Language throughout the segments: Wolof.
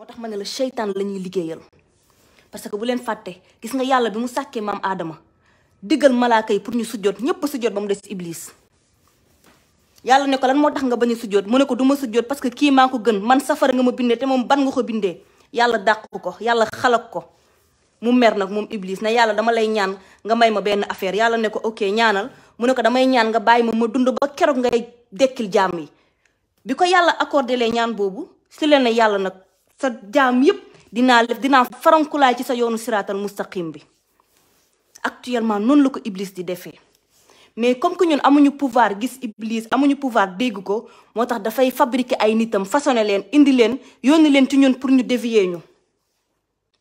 motax mané le ne lañuy liggéeyal parce que bu len faté gis nga yalla bi mu saké mam adama diggal malaaka yi pour ñu sujjot ñepp sujjot bam dess iblis Yalla ne ko lan motax nga bañu sujjot mu ne ko duma sujjot parce que ki mako gën man safar nga ma bindé te mom ban nga ko bindé yalla dakk ko yalla xalak ko mu mer nak mom iblis na yalla dama lay ñaan nga may ma ben affaire yalla ne ko ok ñaanal mu ne ko damay ñaan nga bay ma ma dund ba kérok ngay dekkil jami biko yalla accordé ñaan bobu ci leen ne sa jaam yëpp dinaa lef dinaa farankulaay ci sa yoonu siraatal mustaqim bi actuellement noonu la ko Iblis di defee mais comme que ñun amuñu pouvoir gis Iblis amuñu pouvoir dégg ko moo tax dafay fabriquer ay nitam façonné leen indi leen yónni leen ci ñun pour ñu dévier ñu.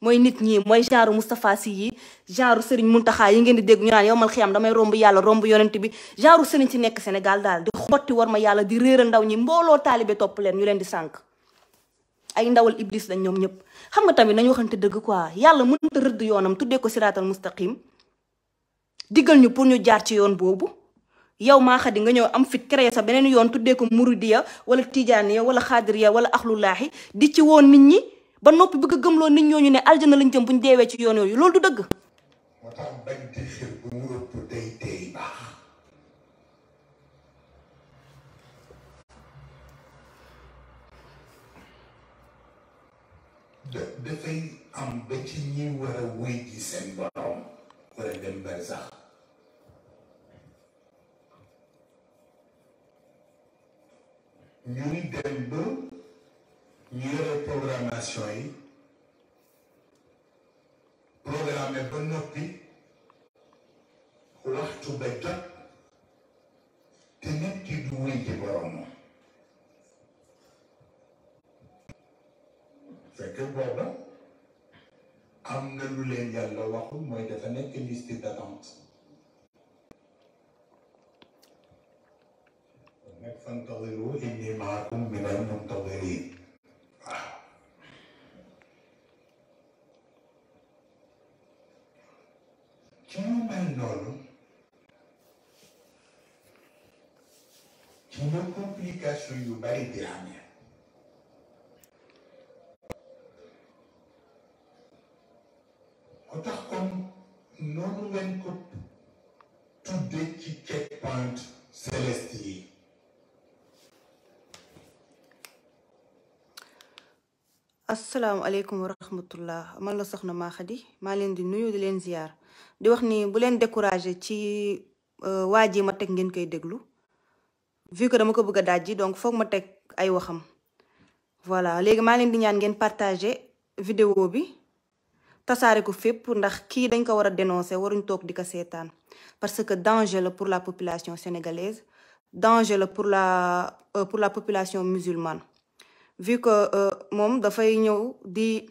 mooy nit ñii mooy genre Moustapha Sy yi genre Serigne Mountakha yi ngeen di dégg ñu naan yow mal xiyam damay romb yàlla romb yonent bi genre Serigne ci nekk Sénégal daal di xotti war ma yàlla di réer ndaw ñi mbooloo taalibe topp leen ñu leen di sànq. ay ndawal iblis lañ ñoom ñëpp xam nga tamit nañu waxante dëgg quoi yàlla mënta rëdd yoonam tuddee ko siraatal mustaqim diggal ñu pour ñu jaar ci yoon boobu yow maa xadi nga ñëw am fit créer sa beneen yoon tuddee ko muridiya wala tijaaniya wala xaadiriya wala axlulaahi di ci woon nit ñi ba noppi bëgg a gëmloo nit ñooñu ne aljana lañ jëm buñ deewee ci yoon yooyu loolu du dëgg. dafay am ba ci ñi war a wéy ji seen borom war sax ñuy dem ba ñu yi programme ba noppi waxtu ba jot te nit du wéy ji borom fekk booba am na lu leen yàlla waxul mooy dafa nekk liste d'attente nek fantadiru inni maakum min al muntazirin waaw ci ñu mel noonu ci ñu complication yu bari di amee asalaamaaleykum wa rahmatullah man la soxna ma khadi ma len di nuyu di len ziar di wax ni bu len décourager ci euh, waa ji ma tek ngeen koy déglu vu que dama ko bëgg a donc fokk ma tek ay waxam voilà légui ma len di ñaan ngeen partager vidéo bi tasaare ko fépp ndax ki dañ ko wara dénoncer waruñ tok di ka sétane parce que danger pour la population sénégalaise danger pour la euh, pour la population musulmane vu que euh, da fay ñew di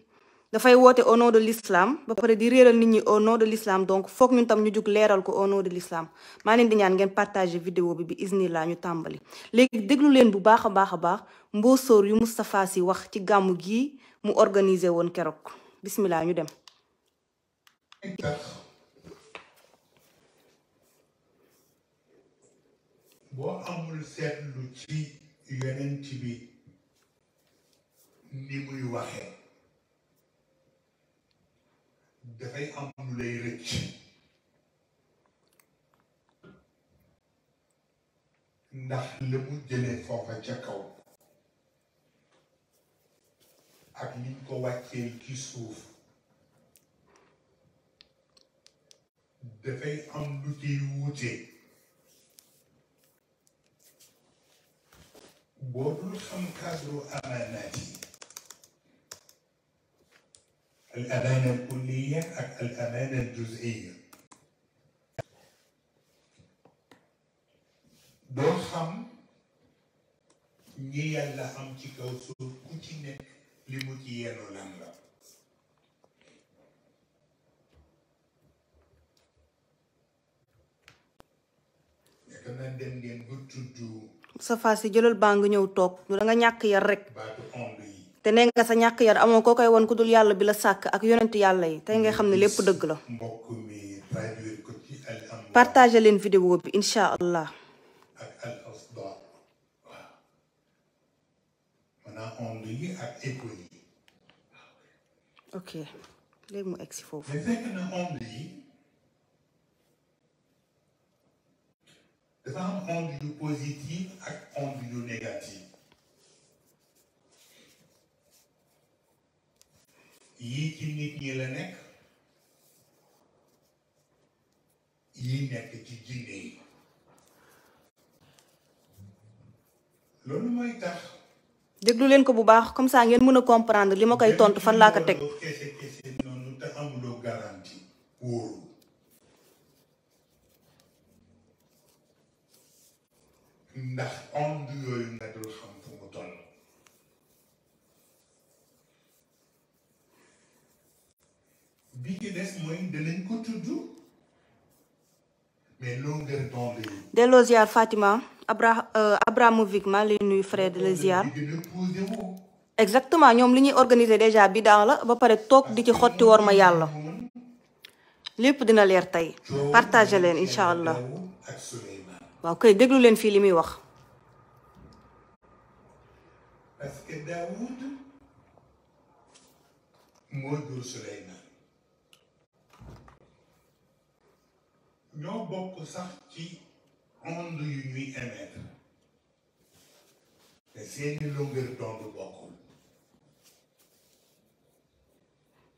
fay woté au nom de l'islam ba paré di réral nit ñi au nom de l'islam donc fokk ñun tam ñu juk léral ko au nom de l'islam ma leen di ñaan ngeen partager vidéo bi bi la ñu tambali léegi déglu leen bu baax a baax a baax yu Moustapha si wax ci gamu gi mu organiser won kérok bismillah ñu dem bo amul seetlu ci yenen ci bi ni muy waxee dafay am lu lay rëcc ndax la mu jëlee foofa ca kaw ak liñ ko wàcceel ci suuf dafay am lu ciy wuute boo dul xam cadre amaanaat yi الأمانة الكلية الأمانة الجزئية doo xam ñi sa fas yi jëlal baa nga ñëw rek té né nga sa ñak yar amoo ko koy won ku dul yalla bi la sak ak yonent yalla yi tey nga xam lepp deug la partager len vidéo bi incha allah ok léegi mu egg si foofu dafa am onde yu positif ak onde yu négatif yii ci nit ñi la nekk yii nekk ci jinne yi loolu mooy tax déglu leen ko bu baax comme ça ngeen mën a comprendre li ma koy tontu fan laa ko teg noonu te amuloo garantie wóoru ndax yooyu nga delloo ziar Fatima Abra uh, Abramovic maa ngi lay nuyu frère de la ziar exactement ñoom li ñuy organiser déjà bi daaw la ba pare toog di ci xotti war ma yàlla lépp dina partager leen incha allah waaw parce que Daoud ñoo bokk sax ci onde yu ñuy émettre te seeni longueur d'onde bokkul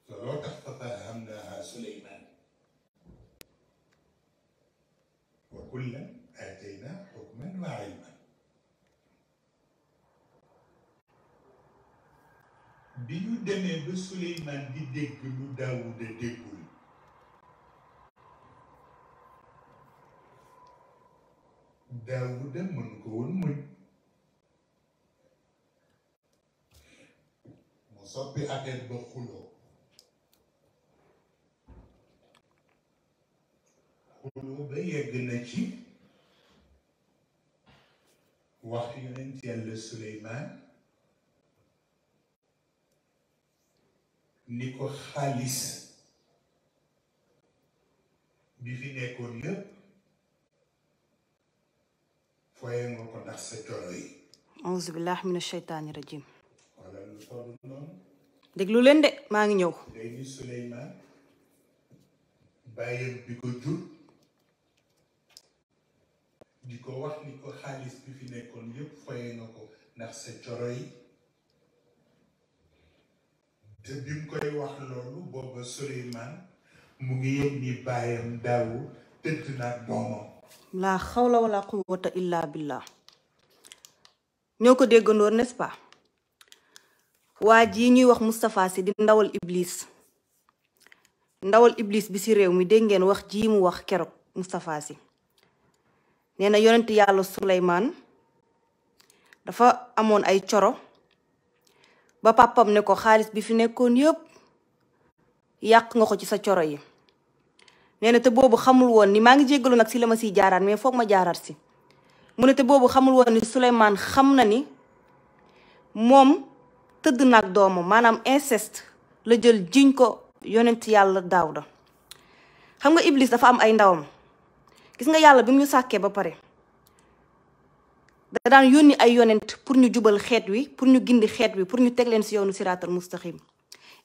te loo tax fa fahamnaha Suleymaan wa kullan aatayna hukman wa ilman bi ñu demee ba Suleymaan di dégg lu Daawuda déggul داود من كون من مصبي أكيد بخلو خلو بي يقنجي وحي انتي سليمان نيكو خالص بيفي نيكو يب foye nga leen de maa ngi ñëw Suleymaan bàyyam bi ko jur di ko wax ni ko xaalis bi fi nekkoon yépp foye nga ko ndax sa coro yi te bi mu koy wax loolu booba Suleymaan mu ngi yëg ni bàyyam daawu tëdd na doomam laa xawla wala quwwata illa billah ñoo ko déggandoor n'est-ce waa ji ñuy wax Moustapha Sy di ndawal iblis ndawal iblis bi ci réew mi dégg ngeen wax ji mu wax keroog Moustapha si nena na yàlla Suleymaan dafa amoon ay coro ba pàppam ne ko xaalis bi fi nekkoon yépp yàq nga ko ci sa coro yi nee na te boobu xamul woon ni maa ngi jéggalu nag si la ma siy jaaraat mais foog ma jaaraat si mu ne te boobu xamul woon ni Souleymane xam na ni moom tëdd nag doomam maanaam inceste la jël jiñ ko yonent yàlla daaw Daawda xam nga Iblis dafa am ay ndawam gis nga yàlla bi mu ñu sàkkee ba pare da daan yónni ay yonent pour ñu jubal xeet wi pour ñu gindi xeet wi pour ñu teg leen si yoonu siraatal mustaqim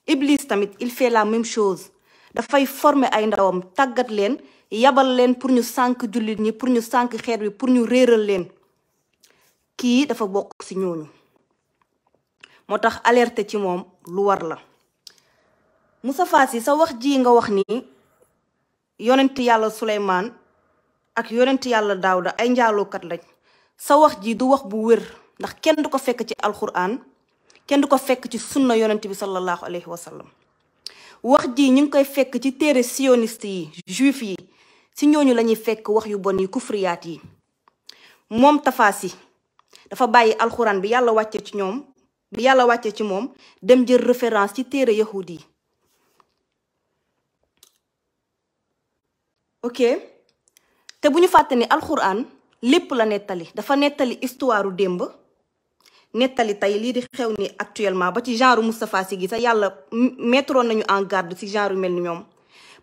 Iblis tamit il fait la même chose dafay former ay ndawam tàggat leen yabal leen pour ñu sànq jullit ñi pour ñu sànq xeet wi pour ñu réeral leen kii dafa bokk ci ñooñu moo tax ci moom lu war la Moustapha Sy sa wax ji nga wax ni yonent yàlla Suleymaan ak yonent yàlla Daawda ay njaalookat lañ sa wax ji du wax bu wér ndax kenn du fekk ci alxuraan kenn fekk ci sunna yonent bi sallallahu alayhi wax ji ñu ngi koy fekk ci téere sioniste yi juif yi ci ñooñu lañuy fekk wax yu bon yi kufriyaat yi moom tafaasi dafa bàyyi alxuraan bi yàlla wàcce ci ñoom bi yàlla wàcce ci moom dem jël référence ci téere yahudi yi ok te bu ñu fàtte ni alxuraan lépp la nettali dafa nettali histoireu démb nettali tey lii di xew ni actuellement ba ci genre Moustapha Sy gi sax yàlla mettroon nañu en garde ci genre mel ni ñoom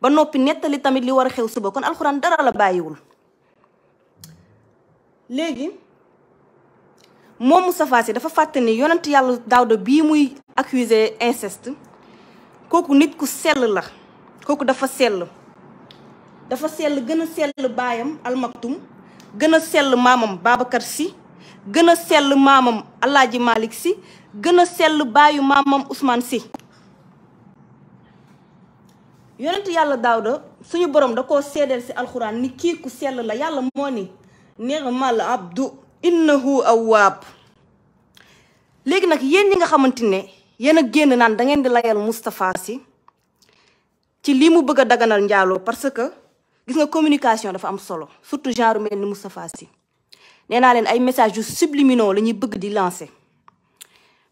ba noppi nettali tamit li war a xew suba kon alxuraan dara la bàyyiwul léegi moom Moustapha Sy dafa fàtte ni yonent yàlla Daawda bii muy accusé inceste kooku nit ku sell la kooku dafa sell dafa sell gën a sell baayam almaktum gën a sell maamam baabakat si gën a sell maamam Alaaji malik si gën a sell baayu maamam Ousmane si yonent yàlla daawda suñu borom da ko seedeel si alxuraan ni kii ku sell la yàlla moo ni neex ni'mal abdu innahu awwaab léegi nag yéen ñi nga xamante ne yéen a génn naan da ngeen di layal Moustapha si ci lii mu bëgg a daganal njaaloo parce que gis nga communication dafa am solo surtout genre mel ni Moustapha Sy nee naa leen ay message yu subliminaux la ñuy bëgg di lancer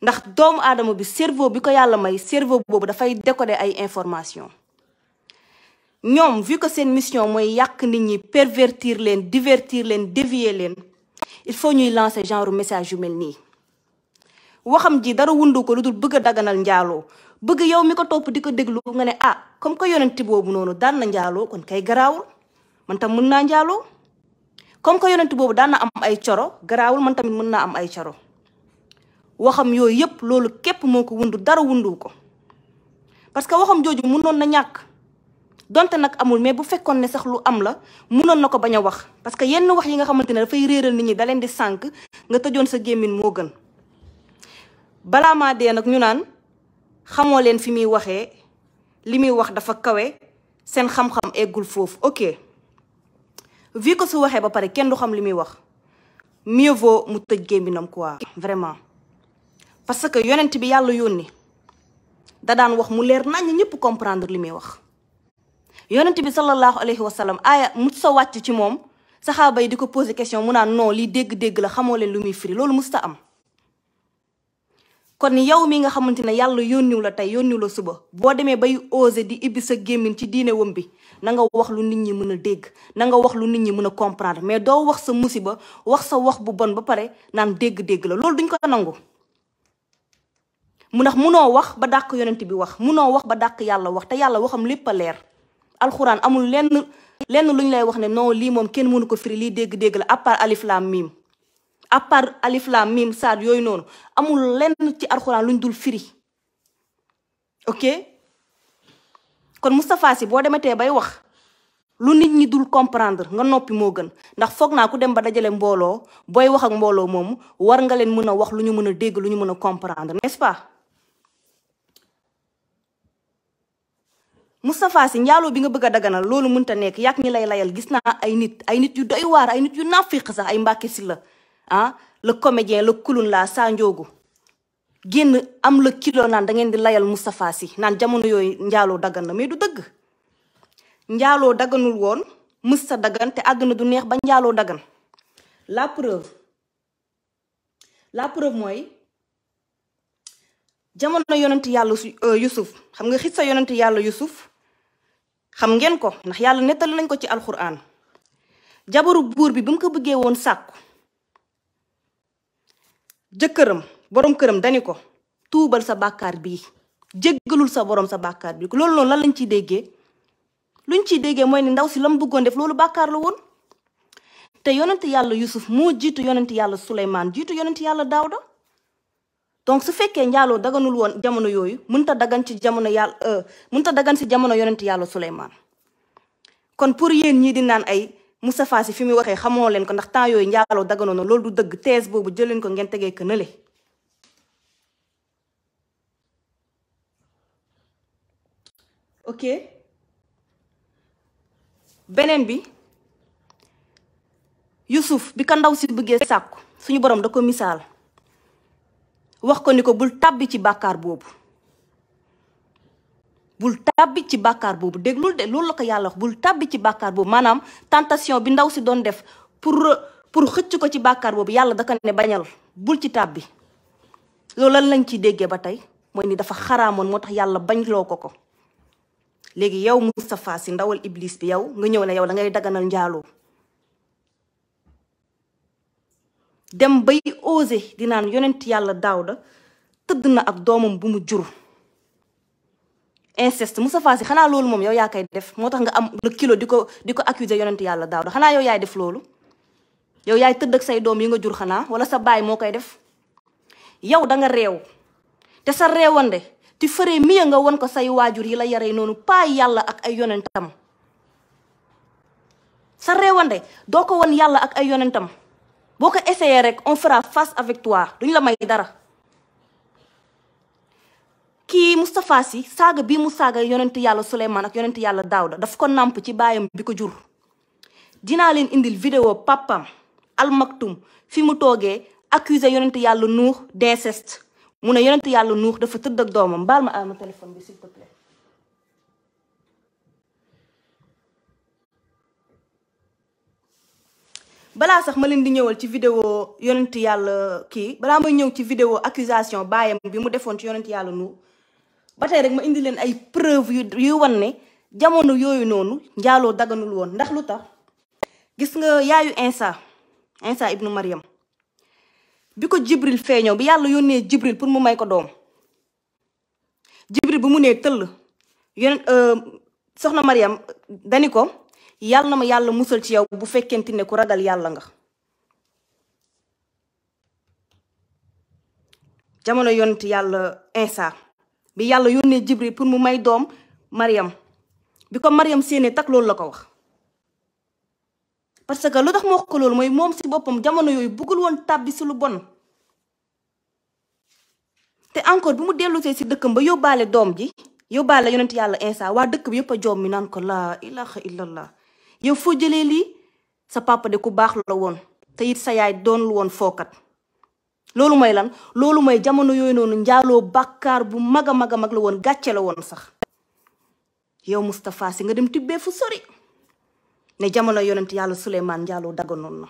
ndax doomu aadama bi cerveau bi ko yàlla may cerveau boobu dafay décoder ay information ñoom vu ko seen mission mooy yàq nit ñi pervertir leen divertir leen dévier leen il faut ñuy lancer genre message yu mel nii waxam ji dara wundu ko lu dul bëgg a daganal njaaloo bëgg yow mi ko topp di ko déglu nga ne ah comme que yonenti boobu noonu daal na njaaloo kon kay garaawul man tam naa njaaloo comme que yonent boobu daan na am ay coro garaawul man tamit mën naa am ay coro waxam yooyu yëpp loolu képp moo ko wundu dara wundu ko parce que waxam jooju mënoon na ñàkk donte nag amul mais bu fekkoon ne sax lu am la mënoon na ko bañ a wax parce que yenn wax yi nga xamante ne dafay réeral nit ñi daleen di sànk nga tëjoon sa gémmiñ moo gën balaa maa dee nag ñu naan xamoo leen fi muy waxee li muy wax dafa kawe seen xam-xam eggul foofu ok vie que su waxee ba pare kenn du xam li muy wax mieux mu tëj gémminam quoi vraiment parce que yonent bi yàlla yónni da daan wax mu leer nañ ñëpp comprendre li muy wax yonent bi sallallahu alayhi wa sallam aaya mu sa wàcc ci moom saxaaba yi di ko posé question mu naan non lii dégg-dégg la xamoo leen lu muy firi loolu mus musta am kon yow mi nga xamante ne yàlla yónniw la tey yónniw la suba boo demee bay osé di ibbi sa gémmin ci diine wam bi na nga wax lu nit ñi mëna dégg na nga wax lu nit ñi mëna comprendre mais do wax sa musiba wax sa wax bu bon ba paré nan dégg-dégg la loolu duñ ko nangu mu ndax munoo wax ba dakk yonent bi wax wax ba dakk yalla wax te yalla waxam lepp leer amul lenn lenn luñ lay wax ne non li mom kenn mënu ko firi li dégg-dégg la apart alif lam mim apart alif lam mim sa yoy non amul lenn ci alquran luñ dul firi ok kon Mustafa si bo dematee bay wax lu nit ñi dul comprendre nga nopi mo gën ndax fokk na ku dem ba dajale mbolo boy wax ak mbolo mom war nga leen mëna wax lu ñu mën dégg lu ñu mën comprendre n'est-ce pas Mustafa si njaaloo bi nga bëgg a daganal loolu mënta nekk yak ñi lay layal gis na ay nit ay nit yu doy war ay nit yu nafiq sax ay si ah le comédien le kulun la sa genn am le kilo nan da ngeen di layal mustapha si nan jamono yoy ndialo dagan na mais du deug ndialo daganul won musta dagan te aduna du neex ba ndialo dagan la preuve la preuve moy jamono yonent yàlla euh, Yusuf xam nga xissa yonent yalla Yusuf xam ngeen ko ndax yalla netal nañ ko ci alquran jabaru bur bi bimu ko bëggee woon sàkku borom këram dani ko tuubal sa bàkkaar bi jéggalul sa borom sa bàkkaar bi loolu non lan lañ ci déggé luñ ci déggé moy ni ndaw si lam bëggon def loolu bakar la woon té yonent yalla yusuf mo jitu yonent yalla sulayman jitu yonent yalla daawda donc su fekkee ndialo daganul won jamono yooyu munta dagan ci jamono yàlla euh, mënta dagan si jamono yonent yalla sulayman kon pour yeen ñi di naan ay Moustapha Sy fimi waxe xamoo len ko ndax temps yoy ndialo daganono lolou du deug thèse ko ngeen tege ke neulee ok beneen bi Youssouf bi ka ndaw si bëggee sàkku suñu borom da ko misaal wax ko ni ko bul tàbbi ci bàkkaar boobu bul tàbbi ci bàkkaar boobu déglul de loolu la ko yàlla wax bul tàbbi ci bàkkaar boobu maanaam tentation bi ndaw si doon def pour pour xëcc ko ci bàkkaar boobu yàlla da ko ne bañal bul ci tàbbi loolu lan lañ ciy déggee ba tey mooy ni dafa xaraamoon moo tax yàlla bañ ko ko léegi yow Moustapha Sy ndawal Iblis bi yow nga ñëw ne yow da ngay daganal njaaloo dem bay ose di naan yonent yàlla daaw da tëdd na ak doomam bu mu jur inceste Moustapha Sy xanaa loolu moom yow yaa kay def moo tax nga am le kilo di ko di ko accuser yonent yàlla daaw Daawda xanaa yow yaay def loolu yow yaay tëdd ak say doom yi nga jur xanaa wala sa baay moo koy def yow da nga réew te sa réewande ci fëree miya nga won ko say waajur yi la yaree noonu pas yàlla ak ay yonentam sa réewande doo ko won yàlla ak ay yonentam boo ko essayé rek on fera face avec toi duñ la may dara kii Moustapha Sy saaga bi mu saaga yonent yàlla Souleymane ak yonent yàlla Daawda daf ko nàmp ci baayam bi ko jur dinaa leen indil vidéo papam almaktum fi mu toogee accusé yonent yàlla Nuux d'inceste je ne yonent yàlla nuux dafa tëdd ak doomam baal ma téléphone bi s'il te plaît balaa sax ma leen di ci vidéo yonent yàlla kii balaa may ñëw ci vidéo accusation bi mu defoon ci yonent yàlla nuux ba tey rek ma indi leen ay preuve yu yu ne jamono yooyu noonu njaaloo daganul woon ndax lu gis nga yaayu Insa Insa Mariam bi ko jibril feeñoo bi yàlla yónnee jibril pour mu may ko doom jibril bu mu nee tëll yonent euh, soxna Mariam dani ko yàlla na ma yàlla musal ci yow bu fekkente ne ku ragal yàlla nga jamono yonent yàlla instant bi yàlla yónnee jibril pour mu may doom Mariam bi ko Mariam séenee tak loolu la ko wax parce que lutax mo ma wax ko loolu mooy moom si boppam jamono yoy bugul won tabbi ci lu bon te encore bimu déllu dellusee ci dëkk ba yobalé dom ji yobalé yonent yalla insa wa dëkk bi yëpp jom mi nan ko la ilaha illallah yow foo jëlé li sa papa de ku bax la won té yit sa yaay doon lu won fokat lolou mooy lan lolou jamono yoy nonu bakkar bu maga maga mag la won gatché la won sax yow mustapha si nga dem tibé fu sori ne jamono yonent yàlla Souleymane Diallo dagganoon na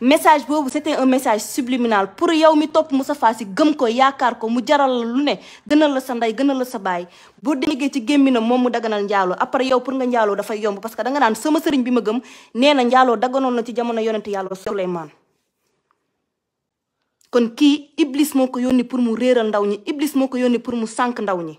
message boobu c'était un message subliminal pour yow mi topp Moustapha si gëm ko yaakaar ko mu jaral la lu ne gënal la sa ndey gënal la sa baay boo déggee ci gémminam moom mu daganal njaaloo après yow pour nga njaaloo dafay yomb parce que da naan sama sëriñ bi ma gëm nee na njaaloo daganoon na ci jamono yonent yàlla Souleymane kon kii Iblis moo ko yónni pour mu réeral ndaw ñi Iblis moo ko yónni pour mu sànq ndaw ñi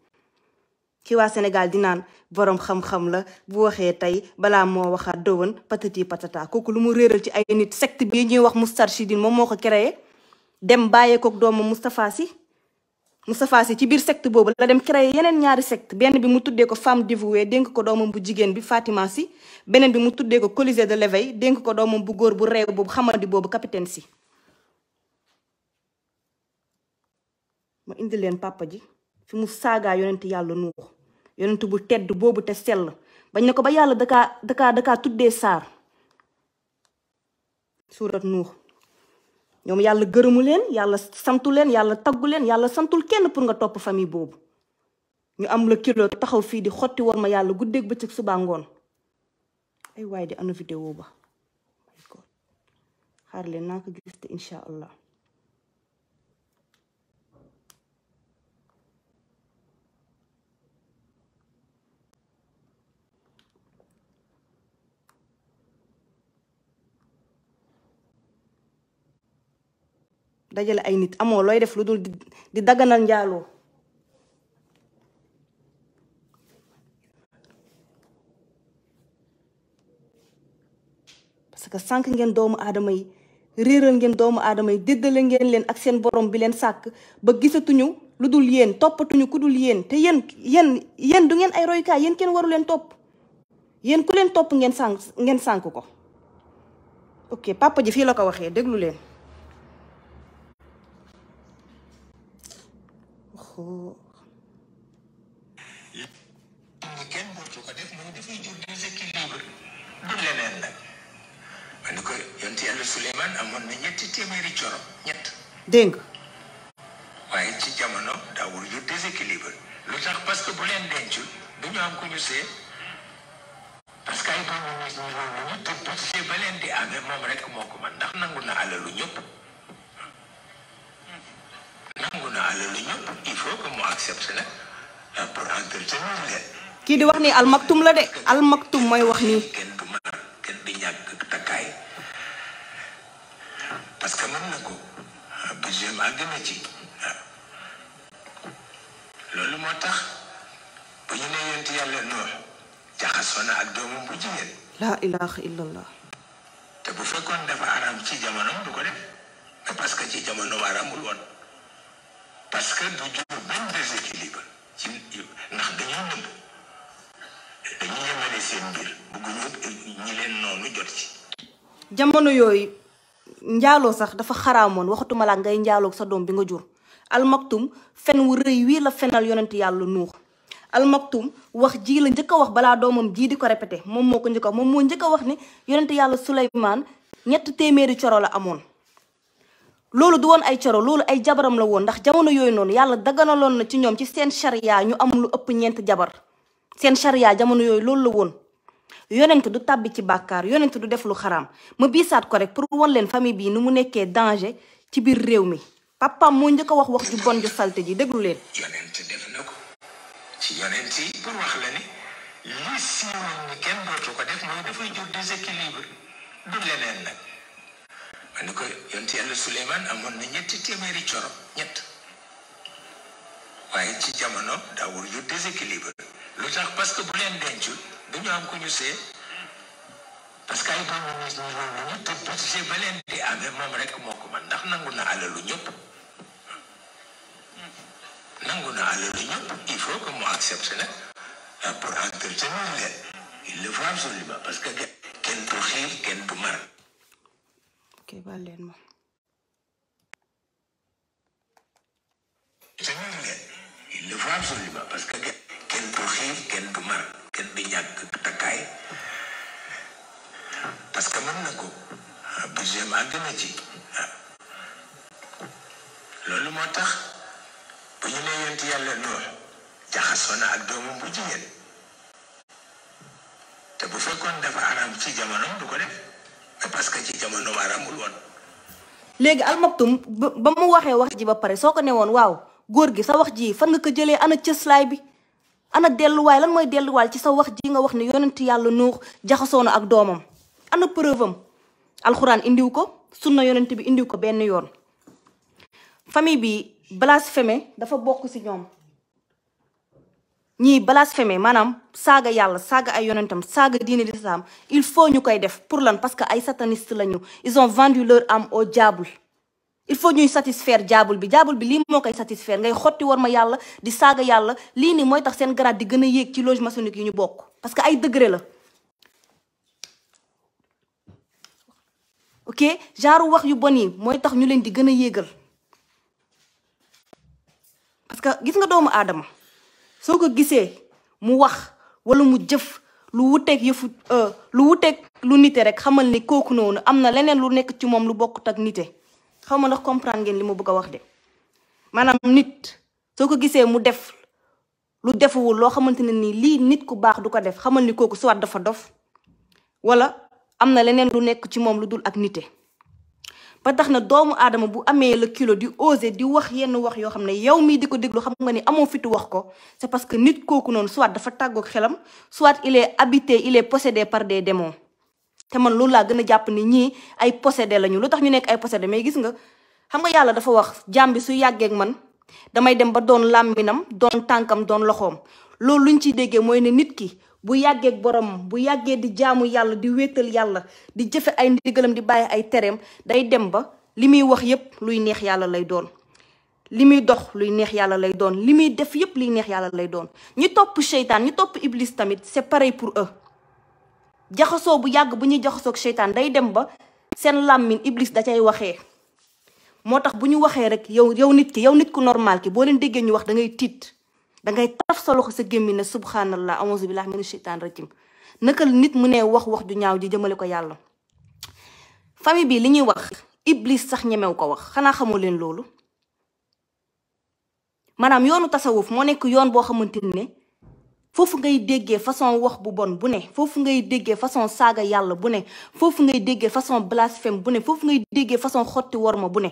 ci waa Sénégal di naan borom xam-xam la bu waxee tey balaa moo waxaat dëwan patati patata kooku lu mu réeral ci ay nit secte bii ñuy wax Moustarchidine moom moo ko créé dem bàyyeekook doomu Moustapha Sy Moustapha si ci biir secte boobu la dem créé yeneen ñaari sect benn bi mu tuddee ko femme dévouée dénk ko doomam bu jigéen bi Fatima si beneen bi mu tuddee ko Colisée de l'éveil dénk ko doomam bu góor bu réew boobu xamadi boobu capitaine Sy ma indi leen papa ji fi mu saagaa yonent yàlla nuux yonentou bu tedd bobu te sel bañ na ba yalla daka daka daka tuddé sar surat nuh ñom yalla gërëmu len yalla santu len yalla taggu len yalla santul kenn pour nga top fami bobu ñu am le kilo taxaw fi di xoti war yalla guddé ak bëccëg suba wai ay way di anu vidéo ba xaar leen ko gis te inshallah allah dajal ay nit amo loy def lu dul di daganal ndialo parce que sank ngeen doomu adamay reeral ngeen doomu adamay yi ngeen len ak sen borom bi len sak ba gisatuñu lu dul yéen toppatuñu ku dul te yeen yeen yen du ngeen ay roykaay yeen ken waru len top yeen ku len top ngeen sank ngeen sank ko ok papa ji fii la ko deg lu len. recours. kenn mënatu ko def moom dafay jur déséquilibre du leneen nag ma ni ko yonti yàlla Souleymane amoon na ñetti téeméeri coro ñett dégg waaye ci jamono daawul jur déséquilibre lu tax parce que bu leen dencul du ñu am ko ñu see parce ay doomu nit ñi loolu ñu ba leen di amee moom rek moo ko man ndax nangu na alalu ñëpp Kita di wax ni almaktum la de almaktum mooy wax nii parce que mën na ko budget ma gën ci loolu moo bu ñu ne yent ak bu la ilaha illallah te bu fekkoon dafa aram ci jamonom du ko def parce que ci parce que du jur déséquilibre ci ndax dañoo nëbb dañu yemale seen mbir bëgguñu ñi leen noonu jot ci jamono yoy ndialo sax dafa xaraamoon waxatuma la ngay ndialo sa dom bi nga jur al maktum fen wu reuy wi la fenal yonent yàlla al maktum wax ji la njëkk wax bala domam ji di ko répété moom moo ko njëkk a wax moom moo njëkk a wax ne yonent yàlla suleymaan ñett téeméeri coro la amoon loolu du woon ay coro loolu ay jabaram la woon ndax jamono yooyu noonu yàlla daganaloon na ci ñoom ci seen charia ñu am lu ëpp ñeent jabar seen charia jamono yooyu loolu la woon yonent du tàbbi ci bàkkaar yonent du def lu xaram ma biisaat ko rek pour won leen famille bi ni mu nekkee danger ci biir réew mi papaam moo njëkk a wax wax ju bon ju salte ji déglu leen ne anu yonti yàlla anu Souleymane amon na ñetti téeméeri coro ñett waaye ci jamono daawul yu déséquilibre lu pas parce que bu leen dencul am ku ñu see parce que ay ñu te ba leen di amee moom rek moo ko man ndax nangu na alalu ñëpp nangu na alalu ñëpp il faut que mu accepte nag ah, pour entretenir leen il le faut absolument parce que ken du ken du mar baal leen ma parce que kenn du xiir kenn du mar kenn du ñàkk takkaay parce que mën na ko budget ma àgg ci loolu moo tax bu ñu nee yonent yàlla noor jaxasoo ak doomam bu jigéen te bu fekkoon dafa araam ci jamonoom du ko def léegi almaktum ba mu waxee wax ji ba pare soo ko nee woon waaw góor gi sa wax ji fan nga ko jëlee ana cëslaay bi ana delluwaay lan mooy delluwaay ci sa wax ji nga wax ne yonent yàlla nuux jaxasoo ak doomam ana preuve am alxuraan indiw ko sunna yonent bi indiw ko benn yoon famille bi feme dafa bokk si ñoom. ñii blasphémer manam saga yalla saga ay yonentam saga diine lislaam il faut ñu def pour lan parce que ay sataniste lañu ils ont vendu leur âme au diable il faut ñuy satisfaire diable bi diable bi li mo koy satisfaire ngay xoti war ma yalla, di saga yalla. li ni moy tax sen grade di gëna a ci loge maçonnique yi ñu bokk parce que ay degré la ok jaru wax yu bon yi mooy tax ñu leen di gëna a parce que gis nga doomu aadama soo ko gisee mu wax wala mu jëf lu wuteeg yëfu euh, lu wuteeg lu nite rek xamal ni kooku noonu am na leneen lu nekk ci moom lu bokkut ak nite xaw ma ndax comprendre ngeen li ma bëgg a wax de maanaam nit soo ko gisee mu def lu defuwul loo xamante ne nii lii nit ku baax du ko def xamal ni kooku soit dafa dof wala am na leneen lu nekk ci moom lu dul ak nite ba tax na doomu aadama bu amee la kilo di oser di wax yenn wax yoo xam ne yow mii di ko déglu xam nga ni amoo fitu wax ko c'est parce que nit kooku noonu soit dafa tàggoog xelam soit il est habité il est possédé par des démons te man loolu laa gën a jàpp ni ñii ay possédé lañu lu tax ñu nekk ay possédé mais gis nga xam nga yàlla dafa wax jàmbi bi su yàggeeg man damay dem ba doon làmbinam doon tànkam doon loxoom loolu luñ ciy déggee mooy ne nit ki bu yàggee borom bu yàggee di jaamu yàlla di wéetal yàlla di jëfe ay ndigalam di bàyyi ay tereem day dem ba li muy wax yëpp luy neex yàlla lay doon li muy dox luy neex yàlla lay doon li muy def yëpp luy neex yàlla lay doon ñi topp seytaan ñi topp iblis tamit c'est pareil pour eux jaxasoo bu yàgg bu ñuy jaxasoog seytaan day dem ba seen làmmin iblis da cay waxee moo tax bu ñu waxee rek yow yow nit ki yow nit ku normal ki boo leen déggee ñu wax da ngay tiit dangay taf sa loxo sa gémmi ne subhanallah auzu billahi mina shaytaan rajim naka nit mu ne wax wax ju ñaaw ji jëmale ko yàlla famille bii li ñuy wax iblis sax ñemew ko wax xanaa xamoo leen loolu maanaam yoonu tasawuf moo nekk yoon boo xamante ne foofu ngay déggee façon wax bu bon bu ne foofu ngay déggee façon saaga yàlla bu ne foofu ngay déggee façon blasphème bu ne foofu ngay déggee façon xotti worma bu ne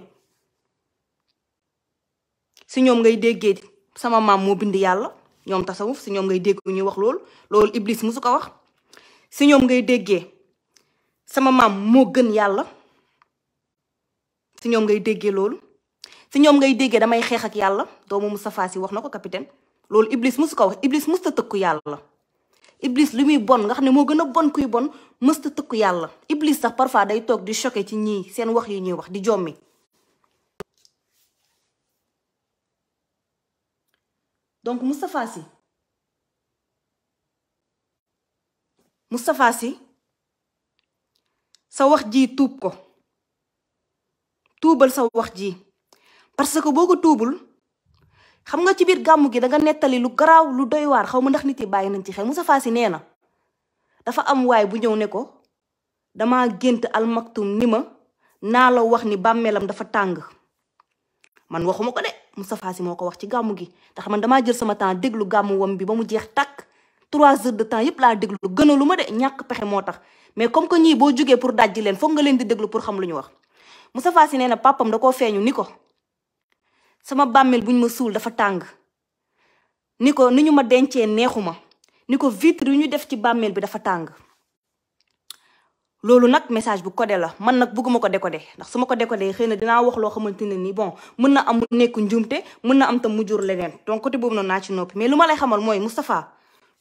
si ñoom ngay déggee sama mam mo bind yalla ñom tasawuf si ñom ngay dégg lol wax lool lool iblis musu ko wax si ñom ngay déggé sama mam mo gën yalla si ñom ngay déggé lool si ñom ngay déggé damay xex ak do kapiten, lol wax nako capitaine lool iblis musu ko wax iblis musta tekk yalla, iblis limi bon nga xam mo gëna bon kuy bon musta tekk yalla iblis sax parfois day tok di choquer ci ñi seen wax yi ñuy wax di jommi donc Moustapha Sy Moustapha Sy sa wax ji tuub ko tuubal sa wax ji parce que boko ko tuubul xam nga ci bir gamu gi da nga netali lu graw lu doy war xawma ndax nit yi ci xel Moustapha Sy neena. dafa am way bu ñew ne ko dama gënt al maktum nima na la wax ni dafa tang man waxuma ko de Moustapha Sy moo ko wax ci gàmmu gi ndax man damaa jël sama temps déglu gàmmu wam bi ba mu jeex tàkk trois heures de temps yëpp laa déglu gënalu ma de ñàkk pexe moo tax mais comme que ñii boo jugee pour dajji leen foog nga leen di déglu pour xam lu ñu wax mu Sy nee na papam da ko feeñu ni ko sama bàmmeel buñ ma suul dafa tàng ni ko ni ñu ma dencee neexu ma ni ko vitre yu ñu def ci bàmmeel bi dafa tàng loolu nag message bu codé la man nag bëgguma ko décoder ndax su ma ko décoder xëy na dina wax loo xamante ne nii bon mën na am mu nekk njuumte mën na am tam mu jur leneen donc côté boobu noonu naa ci noppi mais lu ma lay xamal mooy Moustapha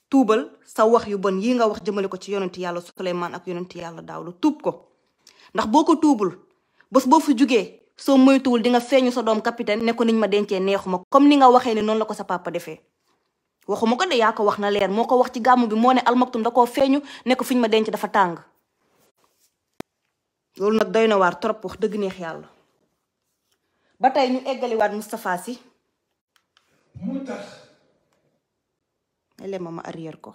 tuubal sa wax yu bon yii nga wax jëmale ko ci yonenti yàlla Souleymane ak yonenti yàlla Daawuda tuub ko ndax boo ko tuubul bés boo fi jugee soo moytuwul di nga feeñu sa doom capitaine ne ko ma dencee neexuma comme ni nga waxee ne noonu la ko sa papa defee waxuma ko de yaa ko wax na leer moo ko wax ci gàmm bi moo ne almaktum koo feeñu ne ko ma denc dafa tàng loolu nag doy na waar trop wax dëgg neex yàlla ba tey ñu eggaliwaat Moustapha Sy moo tax ele ma ma arrière ko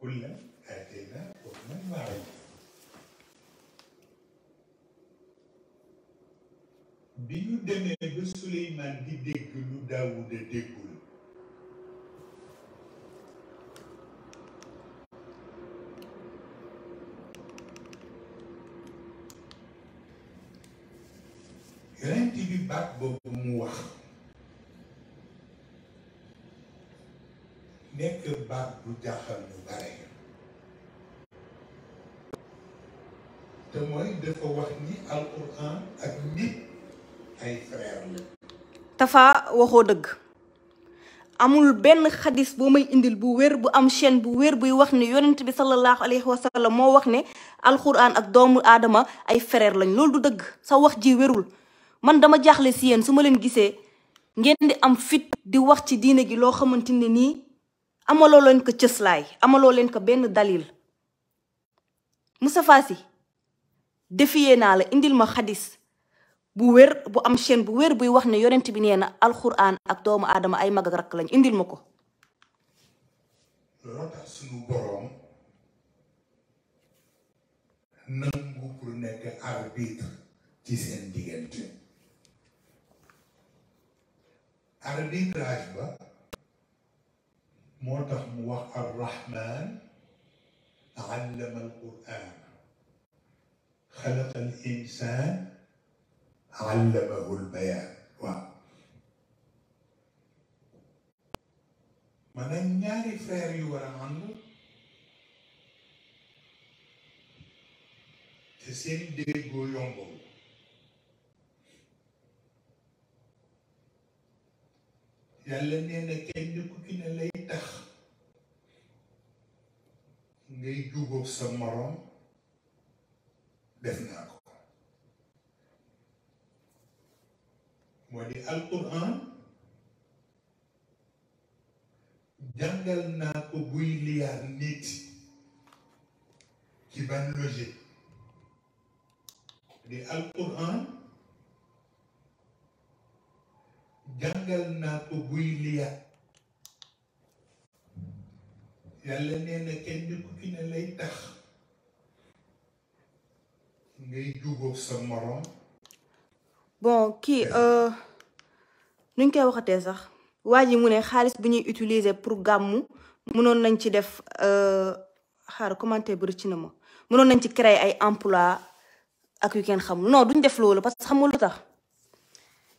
kulla atayna hukman wa ilma bi ñu demee ba Souleymane di dégg lu Daawuda déggul yonent bi baat boobu mu wax nekk baat bu jaaxal ñu bare dafa waxoo dëgg amul benn xadis boo may indil bu wér bu am chaîne bu wér buy wax ne yonent bi sallallahu alayhi moo wax ne alxuraan ak doomu aadama ay frère lañ loolu du dëgg sa wax ji wérul man dama jaxlé ci yeen suma leen di am fit di wax ci diiné gi lo xamante ni nii amaloo leen ko cëslaay amaloo leen ko benn dalil Moustapha Sy defiyee na la indil ma hadith bu wër bu am chaîne bu wër buy wax né yonent bi néna na ak doomu adama ay mag rak lañ indil mako suñu pour arbitre ba motax mu wax ar-rahman allama خلق الانسان علمه البيان و من نياري فير يو ورا عنو تسين دي بو يومبو yàlla nee na kenn ku ki ne lay tax ngay jubóog sa moroom def naa ko moo di alquran jàngal naa ko buy liyaar nit ci ban logique di alquran jàngal na ko buy liyaat yàlla nee na kenn ku ci ne lay tax ngay jubóog sa morom bon ki euh nuñ koy waxate sax waji ji mu ne xaalis bu ñuy utiliser pour gàmmu mënon nañ ci def euh, xaar commentaire bu rëcc na ma mënoon nañ ci créer ay emploi ak yu kenn xam non duñ def lolu parce que xamul lu tax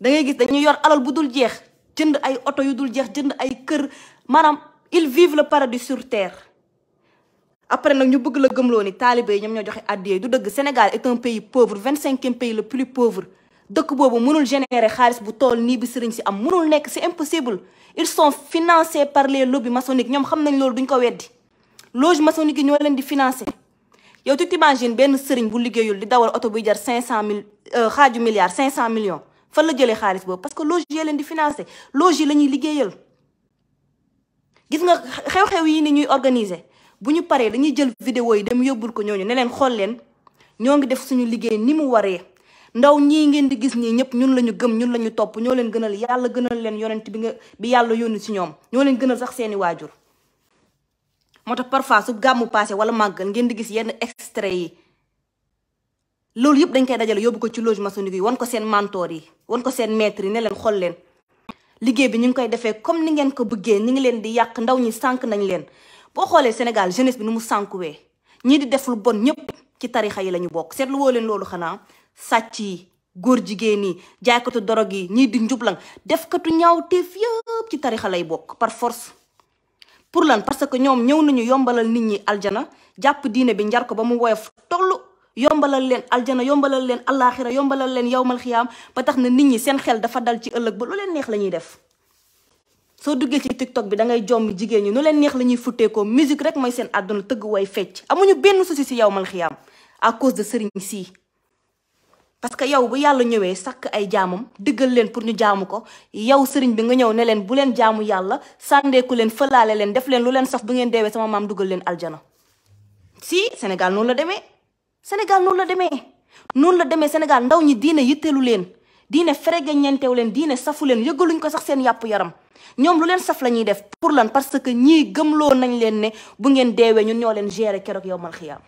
da ngay gis dañuy yor alal bu dul jeex jënd ay auto yu dul jeex jënd ay kër manam ils vivent le paradis sur terre après nak ñu bëgg la gëmlo ni talibé yi ñoo joxe àddiyee du dëgg Sénégal est un pays pauvre 25e pays le plus pauvre dëkk bobu mënul générer xaalis bu toll ni bi sëriñ ci am mënul nekk c'est impossible ils sont financés par les lobbies maçonniques ñom xam nañ loolu duñ ko wéddi loge maçonnique ñoo leen di financer yow tu t'imagines ben sëriñ bu liggéeyul di dawal auto bu jar cinq cent mille euh, xaaju milliards 500 millions fan la jëlee xaalis boobu parce que loge yi leen di financé loge yi la ñuy liggéeyal gis nga xew-xew yi ni ñuy organiser bu ñu paree dañuy jël vidéo yi dem yóbbul ko ñooñu ne leen xool leen ñoo ngi def suñu liggéey ni mu waree ndaw ñii ngeen di gis nii ñëpp ñun la ñu gëm ñun la ñu topp ñoo leen gënal yàlla gënal leen yonent bi nga bi yàlla yónni ci ñoom ñoo leen gënal sax seeni waajur moo tax parfois su gàmmu passé wala màggal ngeen di gis yenn extrait yi loolu yëpp dañ koy dajale yóbbu ko ci loge maçonnique yi wan ko seen mentor yi wan ko seen maître yi ne leen xool leen liggéey bi ñu ngi koy defee comme ni ngeen ko bëggee ñu ngi leen di yàq ndaw ñi sànq nañ leen boo xoolee Sénégal jeunesse bi nu mu sànkuwee ñii di deful bon ñëpp ci tarixa yi la ñu bokk seetlu woo leen loolu xanaa sàcc yi góor jigéen yi jaaykatu dorog yi ñii di njublang defkatu ñaawteef yëpp ci tarixa lay bokk par force pour lan parce que ñoom ñëw nañu yombalal nit ñi aljana jàpp diine bi njar ko ba mu woyof yombalal leen aljana yombalal leen allaaxira yombalal leen yowmal xiyaam ba tax na nit ñi seen xel dafa dal ci ëllëg ba lu leen neex la ñuy def soo duggee ci tiktok bi da ngay jomm jigéen ñi nu leen neex la ñuy futteekoo musique rek mooy seen àdduna tëgg way fecc amuñu benn souci si yowmal xiyaam à cause de sëriñ sii parce que yow bu yàlla ñëwee sàkk ay jaamam diggal leen pour ñu jaamu ko yow sëriñ bi nga ñëw ne leen bu leen jaamu yàlla sàndeeku leen fëlaale leen def leen lu leen saf bu ngeen deewee sama maam dugal leen aljana si Sénégal noonu demee Sénégal noonu la demee noonu la demee Sénégal ndaw ñi diine yitteelu leen diine fere ferege ñeentew leen diine safu leen yëgaluñ ko sax seen yàpp yaram ñoom lu leen saf la ñuy def pour lan parce que ñii gëmloo nañ leen ne bu ngeen deewee ñu ñoo leen gérer keroog yow mal xiyaam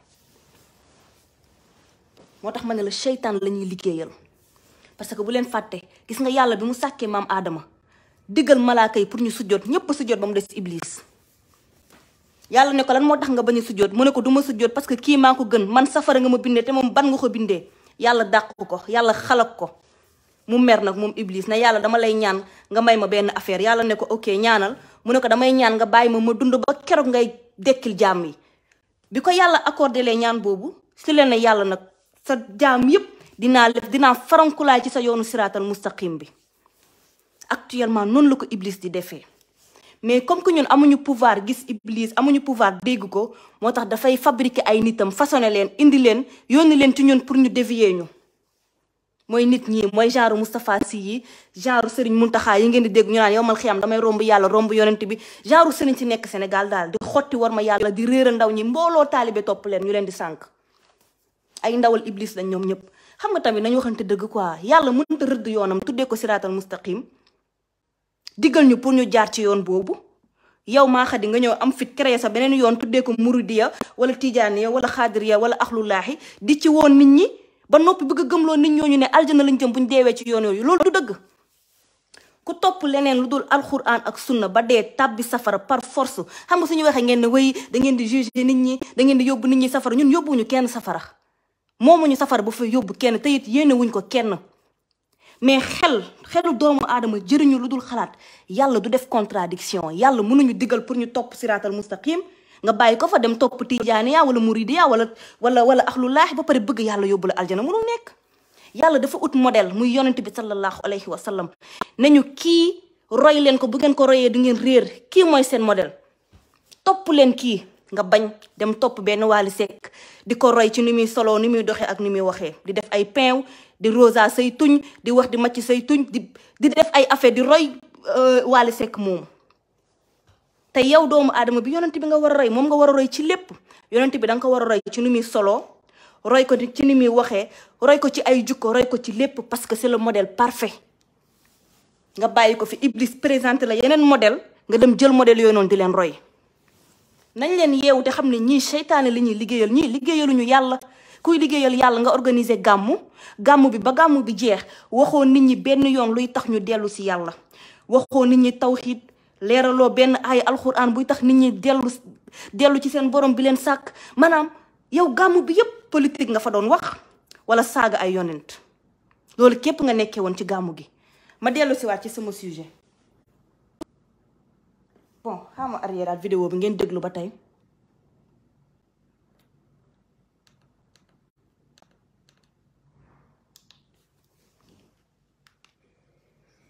moo tax ma ne la seytaan la ñuy liggéeyal parce que bu leen fàtte gis nga yàlla bi mu sàkkee maam aadama diggal malaaka yi pour ñu sujjoot ñëpp sujjoot ba mu des iblis Yalla ne ko lan motax nga bañu sujjot mu ne ko duma ma parce que ki maa ko gën man safara nga ma bindé té mom ban nga ko bindé yalla dakk ko yalla xalak ko mu mer nak mom iblis na yalla dama lay ñaan nga may ma ben affaire yalla ne ko ok ñaanal mu ne ko damay ñaan nga bayima ma dund ba kérok ngay dekkil jamm yi biko yalla yàlla accordé lee ñaan bobu si leen yalla nak sa jaam yëpp dinaa lef dinaa farankulaay ci sa yoonu siratal mustaqim bi actuellement non la ko iblis di défé mais comme que ñun amuñu pouvoir gis Iblis amuñu pouvoir dégg ko moo tax dafay fabriquer ay nitam façonné leen indi leen yónni leen ci ñun pour ñu dévier ñu. mooy nit ñi mooy genre Moustapha si yi genre sëriñ mun taxaa yi ngeen di dégg ñu naan yow mal xiyam damay romb yàlla romb yonent bi genre Serigne ci nekk Sénégal daal di xotti war ma yàlla di réer ndaw ñi mbooloo taalibe topp leen ñu leen di sànq. ay ndawal Iblis lañ ñoom ñëpp xam nga tamit nañu waxante dëgg quoi yàlla mënut a rëdd yoonam tuddee ko siraatal mustaqim diggal ñu pour ñu jaar ci yoon boobu yow maa xadi nga ñëw am fit créer sa beneen yoon tuddee ko muridiya wala tijaaniya wala xaadiriya wala axlulaahi di ci woon nit ñi ba noppi bëgg a gëmloo nit ñooñu ne aljana lañ jëm bu ñu deewee ci yoon yooyu loolu du dëgg ku topp leneen lu dul alxuraan ak sunna ba dee tàbbi safara par force xam nga suñu waxee ngeen ne wéy da ngeen di juger nit ñi da ngeen di yóbbu nit ñi safara ñun yóbbuwuñu kenn safara moomuñu safara bu fa yóbbu kenn te it yéene ko kenn mais xel xelu doomu adama jëriñu luddul dul yalla du def contradiction yàlla ñu diggal pour ñu top siratal mustaqim nga bàyyi ko fa dem tidiane ya wala ya wala wala wala axlu laax ba pare bëgg yalla yobul aljana mënul nekk yalla dafa ut model. muy yonent bi sallallahu alayhi wa sallam nañu ki roy len ko bu ngeen ko royé du ngeen réer ki moy sen model top len ki nga bañ dem top ben Wally sek di roy ci ni solo soloo doxé ak waxé di def ay di rosa say tuñ di wax di macc say tuñ di di def ay affaire di roy euh, walé sek mom te yow doomu aadama bi yonent bi nga wara roy mom nga wara roy ci lepp yonent bi dang ko wara roy ci numi solo roy ko ci numi waxé roy ko ci ay jukko roy ko ci pas parce que c'est le modèle parfait nga bayiko ko fi iblis présenter la yenen model nga dem jël modèle yooyu non di len roy nañ len yewu te xamni ñi shaytané li ñuy liggéeyal ñii ñu yalla kuy liggéeyal yalla nga organiser gamu gamu bi ba gamu bi jeex waxo nit ñi benn yoon luy tax ñu delu ci yalla waxo nit ñi tawhid leralo benn ay alxuraan buy tax nit ñi delu delu ci seen borom bi len sak manam yow gamu bi yépp politique nga fa doon wax wala saga ay yonent lo képp nga nekké won ci gamu gi ma delu ci wat ci sama sujet bon hama arrière vidéo bi ngeen deglu ba tay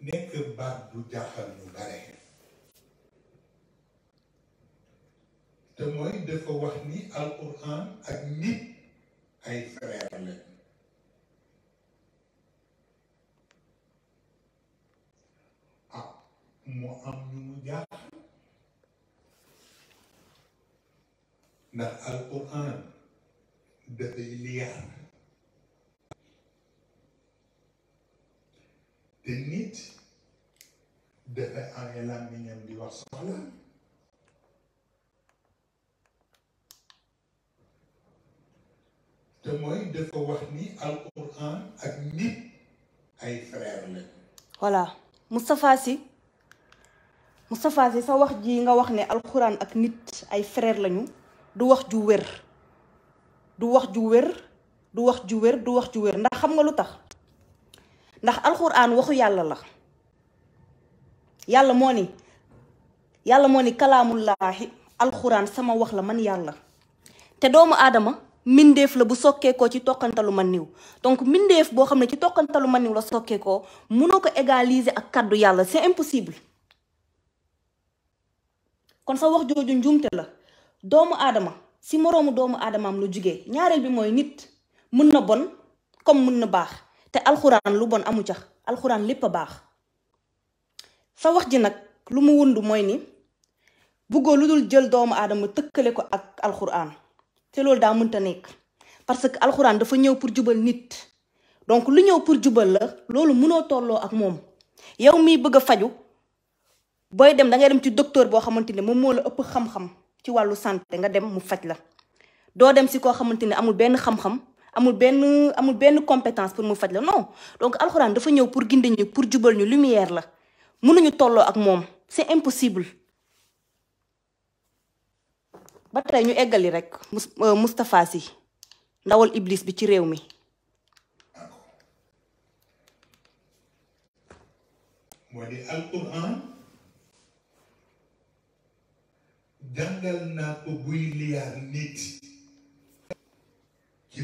nekk baat bu jaaxal ñu bare te mooy dafa wax ni alquran ak nit ay frère lañ ah mu am ñu mu jaaxal ndax alquran dafay liyaar te nit dafa amee yang di wax soxla te Al Quran wax ni alquran ak nit ay frère la voilà Moustapha Sy Moustapha sa wax ji nga wax ne alquran ak nit ay frère lañu du wax ju wér du wax ju wér du wax ju wér du wax ju wér ndax xam nga lutax ndax alxuraan waxu yàlla la yàlla moo ni yàlla moo ni kalaamul kalaamullaahi alxuraan sama wax la man yàlla te doomu aadama mbindeef la bu sokkeekoo ci tokkantalu man niw donc mbindeef boo xam ne ci tokkantalu man niw la sokkeekoo mënoo ko égaliser ak kàddu yàlla si impossible kon sa wax jooju njuumte la doomu aadama si moroomu doomu aadamaam lu jógee ñaareel bi mooy nit mën na bon comme mën na baax te alxuraan lu bon amu tax alxuraan lepp a baax sa wax ji nak lu mu wundu moy ni buggoo lu dul jël doomu aadama tekkale ko ak alxuraan te loolu daa mënta nek parce que alxuraan dafa ñew pour jubal nit donc lu ñew pour jubal la lolou mëno tolo ak mom yow mi bëgg faju boy dem da ngay dem ci docteur bo xamanteni mom mo la ëpp xam-xam ci walu santé nga dem mu faj la do dem ci ko xamanteni amul ben xam-xam amul ben amul benn compétence pour me faire non donc alxuraan dafa ñew pour gindi ñu pour jubal ñu lumière la mënuñu tollo ak mom c'est impossible. ba tay ñu eggali rek euh, Moustapha si ndawal iblis bi ci réew mi. moo alcorane alxuraan ko buy liyaar nit.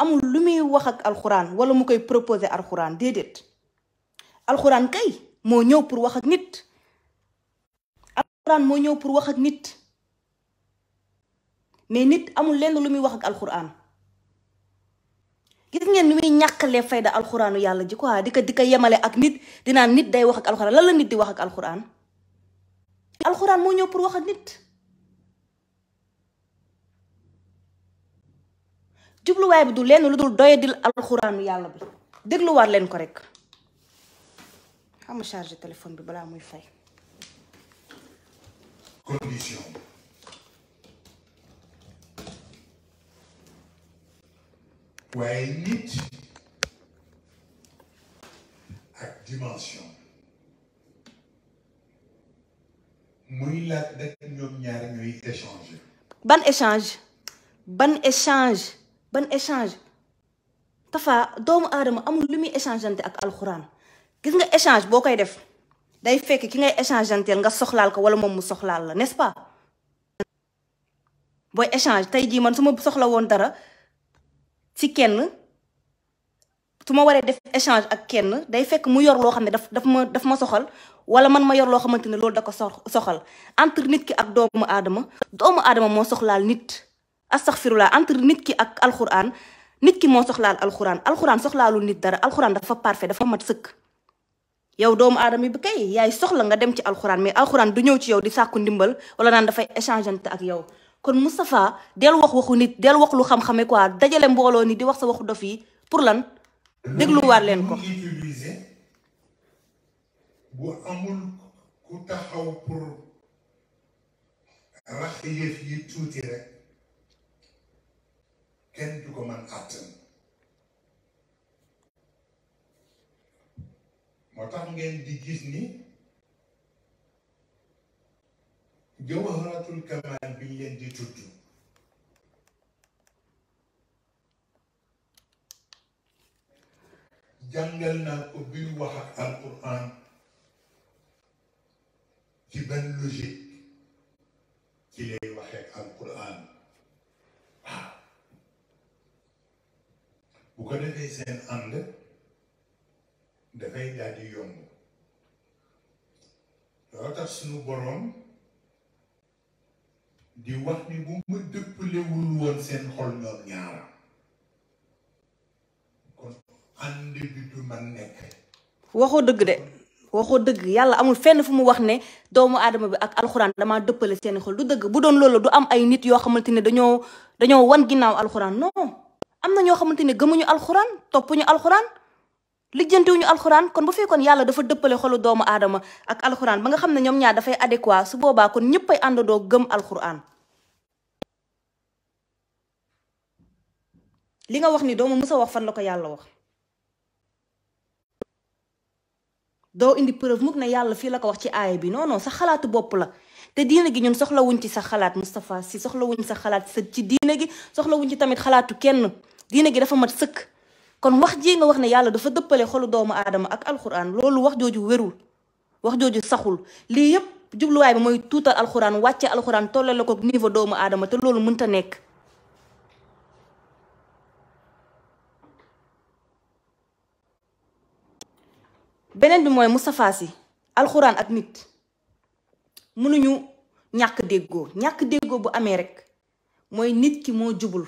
amul lumi muy wax ak alquran wala mu koy proposer alquran dedet alquran kay mo ñew pour wax ak nit alquran mo ñew pour wax ak nit mais nit amul lenn lu muy wax ak alquran gis ngeen ni muy ñakale fayda alxuraanu yalla ji quoi dika dika yemalé ak nit dina nit day wax ak alquran la la nit di wax ak alquran alquran mo ñew pour wax ak nit jubluwaay bi du leen lu dul doyadil alxuraanu yàlla bi dégluwaat leen ko rek xam nga chargé téléphone bi balaa muy fay. condition. waaye nit ak dimension. muy laaj rek ñoom ñaar ñooy échange. ban échange ban échange. ban échange tafa doomu aadama amul lu muy échangeante ak alxuraan gis nga échange boo koy def day fekk ki ngay échangeanteel nga soxlaal ko wala moom mu soxlaal la n'est-ce pas booy échange tey jii man su ma soxla woon dara ci kenn su ma waree def échange ak kenn day fekk mu yor loo xam ne daf daf ma daf ma soxal wala man ma yor loo xamante ne loolu da ko soxal entre nit ki ak doomu aadama doomu aadama moo soxlaal nit astaghfirullah entre nit ki ak alquran nit ki moo soxlaal alquran alxuraan soxlaalul nit dara alxuraan dafa parfait dafa mat sëkk yow doomu aadama bi kay yaay soxla nga dem ci alquran mais alquran du ñëw ci yow di sàkku ndimbal wala naan dafay échangeante ak yow kon Mustafa del wax waxu nit del wax lu xam-xame quoi dajale mbooloo ni di wax sa waxu pour lan ko bu amul ku taxaw pour rax yi rek den dugoman àttan moo tax ngeen di gis ni jawharatul kamal bi ngeen di tuddu jangal na ko bi wax ak alquran ci ben logique ci lay bu ko defee seen ànd dafay daal di yomb loo tax suñu boroom di wax ni bu ma dëppalewul woon seen xol ñoom ñaara kon ànd bi du man nekk waxoo dëgg de waxoo dëgg yàlla amul fenn fu mu wax ne doomu adama bi ak alxuraan damaa dëppale seen xol du dëgg bu doon loolu du am ay nit yoo xamante ne dañoo dañoo wan ginnaaw alxuraan non am na ñoo xamante ne gëmuñu alxuraan toppuñu alxuraan lijjantiwuñu alxuraan kon bu fekkoon yàlla dafa dëppale xolu doomu aadama ak alxuraan ba nga xam ne ñoom ñaar dafay adéquat su boobaa kon ñëpp ay àndandoo gëm alxuraan. li nga wax ni doo ma mës wax fan la ko yàlla wax doo indi preuve mukk ne yàlla fii la ko wax ci aaya bi non sa xalaatu bopp la te diina gi ñun soxlawuñ ci sa xalaat Moustapha si soxlawuñ sa xalaat sa ci diina gi soxlawuñ ci tamit xalaatu kenn. diine gi dafa mat sëkk kon wax ji nga wax na yàlla dafa dëppale xolu doomu aadama ak alxuraan loolu wax jooju wérul wax jooju saxul lii yépp jubluwaay bi mooy tuutal alxuraan wàcce alxuraan tollal la ko niveau doomu aadama te loolu mënta nekk beneen bi mooy Moustapha Sy alxuraan ak nit mënuñu ñàkk déggoo ñàkk déggoo bu amee rek mooy nit ki moo jubul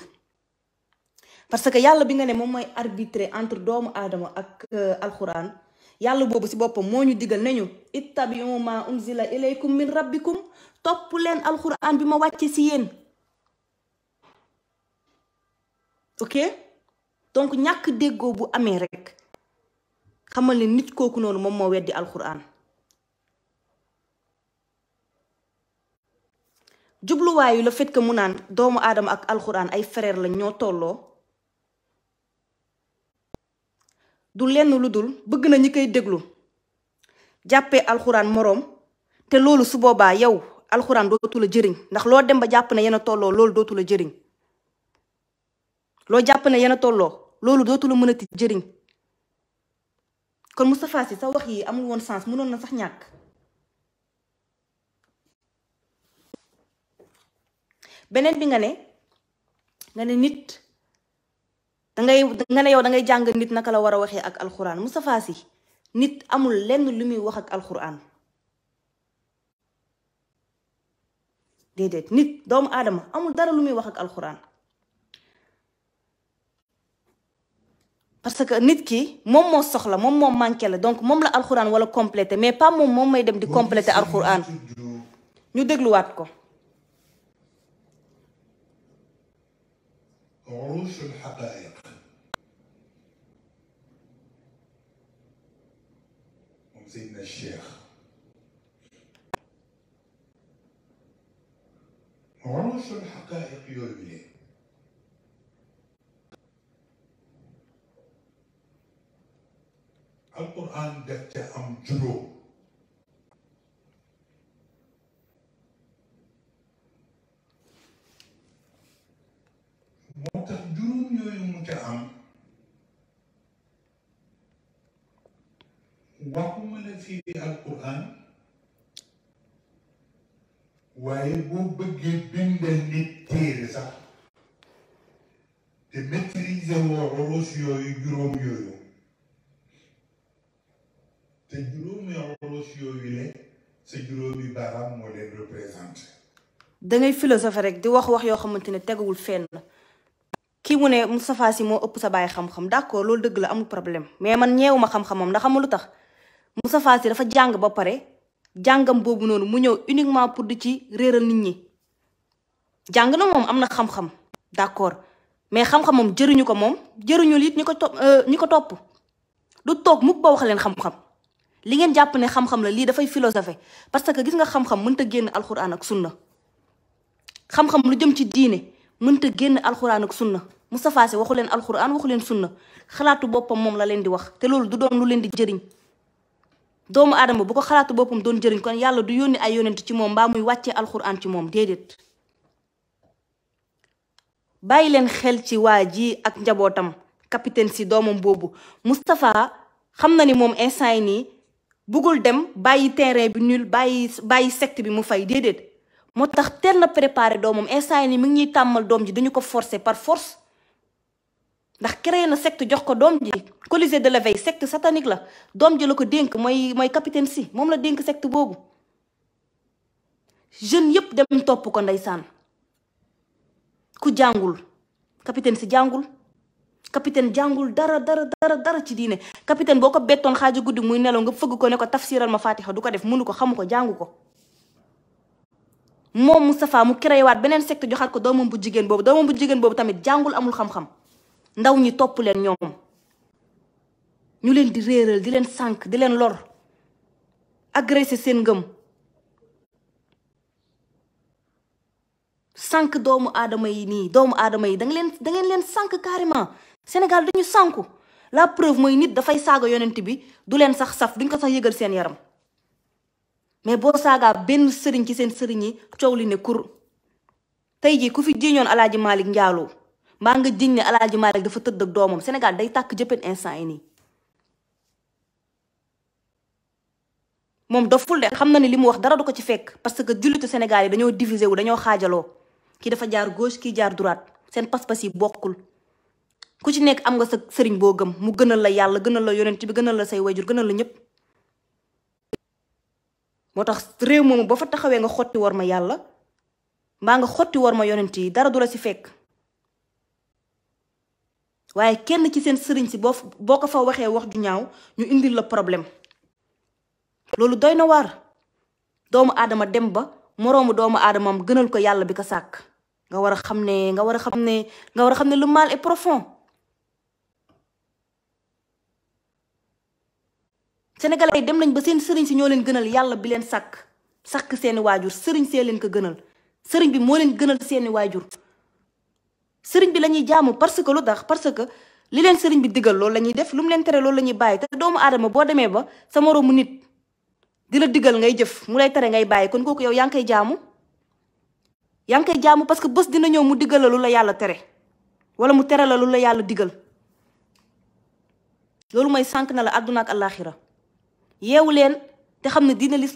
parce que yàlla bi nga ne moom mooy arbitrer entre doomu aadama ak euh, alxuraan yàlla boobu ci boppam moo ñu digal nañu ittabiu ma unzila ilaykum min rabbikum topp leen alxuraan bi ma wàccee ci yéen ok donc ñàkk déggoo bu amee rek xamal ne nit kooku noonu moom moo weddi alxuraan jubluwaayu la fait que mu naan doomu aadama ak alxuraan ay frère la ñoo tolloo du lenn lu dul bëgg na ñi koy déglu jàppee alxuraan moroom te loolu su boobaa yow alxuraan dootu la jëriñ ndax loo dem ba jàpp na yéen a tolloo loolu dootu la jëriñ loo jàpp ne yéen tolloo loolu dootu la mënati jëriñ kon Moustapha si sa wax yi amul woon sens mënoon na sax ñàkk. beneen bi nga ne nga ne nit. dangay nga ne yow dangay jàng nit naka la war a waxee ak alxuraan Moustapha si nit amul lenn lu muy wax ak alxuraan déedéet nit doomu aadama amul dara lu muy wax ak alxuraan parce que nit ki moom moo soxla moom moo manqué la donc moom la alxuraan wala complété mais pas moom moom may dem di complété alxuraan ñu dégluwaat ko سيدنا الشيخ عروش الحقائق يولي القرآن دكت أم جروب moo tax juróom waxuma la fii alquran waaye boo bëggee bindal nit téere sax te maîtriser woo urus yooyu juróom yooyu te juróomi urus yooyu le sa juróomi baaraam moo leen représenté da ngay philosophe rek di wax wax yoo xamante ne teguwul fenn kii mu ne Moustapha Sy moo ëpp sa bàyyi xam-xam d'accord loolu dëgg la amul problème mais man ñeewu ma xam-xamam ndax amul lu tax Moustapha Sy dafa jàng ba pare jàngam boobu noonu mu ñëw uniquement pour di ci réeral nit ñi jàng na moom am na xam-xam d'accord mais xam-xamam jëriñu ko moom jëriñul it ñu ko topp euh, ñi ko topp du toog mukk ba wax leen xam-xam li ngeen jàpp ne xam-xam la lii dafay philosophe parce que gis nga xam-xam mënta génn alxuraan ak sunna xam-xam lu jëm ci diine mënta génn alxuraan ak sunna Moustapha Sy waxu leen alxuraan waxu leen sunna xalaatu boppam moom la leen di wax te loolu du doon leen di jëriñ doomu aadama bu ko xalaatu boppam doon jëriñ kon yàlla du yónni ay yonent ci moom mbaa muy wàccee alxuraan ci moom déedéet bàyyi leen xel ci waa ji ak njabootam capitaine si doomam boobu Moustapha xam na ni moom instant yi nii bëggul dem bàyyi terrain bi nul bàyyi bàyyi secte bi mu fay déedéet moo tax teel na préparé doomam instant nii mi ngi ñuy tàmmal doom ji dañu ko forcer par force ndax créé na secte jox ko doom ji Colisée de la Veille secte satanique la doom ji la ko dénk mooy mooy capitaine si moom la dénk secte boobu jeune yépp dem topp ko ndeysaan ku jàngul capitaine si jàngul capitaine jàngul dara dara dara dara ci diine capitaine boo ko bettoon xaaju guddi muy nelaw nga fëgg ko ne ko tafsiral ma fatiha du ko def mënu ko xamu ko jàngu ko moom Moustapha mu créé waat beneen secte joxaat ko doomam bu jigéen boobu doomam bu jigéen boobu tamit jàngul amul xam ndaw ñi topp leen ñoom ñu leen di réeral di leen sànk di leen lor agressé seen ngëm sànk doomu aadama yi nii doomu aadama yi da leen da ngeen leen sànk carrément Sénégal dañu sànku la preuve mooy nit dafay saaga yonent bi du leen sax saf duñ ko sax yëgal seen yaram mais boo saagaa benn sëriñ ci seen sëriñ yi coow li ne kur tey jii ku fi ñoon Alaaji Malick Njaaloo ma nga jiñ ne Alaaji Malick dafa tëdd ak domam Sénégal day tak jëppeen instant yi ni mom doful de xamna ni limu wax dara du ko ci fekk parce que jullitu Sénégal yi dañoo diviser wu dañoo xajalo ki dafa jaar gauche ki jaar droite sen pas pass yi bokul ku ci nek am nga sa serigne bo gem mu gënal la yalla gënal la yonent bi gënal la say wayjur gënal la ñëpp motax rew mom ba fa taxawé nga xoti war ma yalla mbaa nga xoti war ma yonent yi dara du la ci fekk waaye kenn ci seen sëriñ si boo boo ko fa waxee wax ju ñaaw ñu indi la problème loolu doy na waar doomu aadama dem ba moroomu doomu aadamam gënal ko yàlla bi ko sàkk nga war a xam ne nga war a xam ne nga war a xam ne le mal est profond sénégalais dem nañ ba seen sëriñ si ñoo leen gënal yàlla bi leen sàkk sàkk seeni waajur sëriñ see leen ko gënal sëriñ bi moo leen gënal seeni waajur sering bi jamu, ñuy jaamu parce que lu tax parce que li leen bi digal loolu la def lu mu leen tere loolu la ñuy bàyyi te doomu aadama boo demee ba sa nit digal ngay jëf mu lay tere ngay bàyyi kon kooku yow yaa ngi jaamu yaa ngi jaamu parce que mu digal lu la yàlla tere wala mu tere la lu la digal loolu mooy sànq na la àdduna ak àllaaxira yeewu leen te xam ne diine du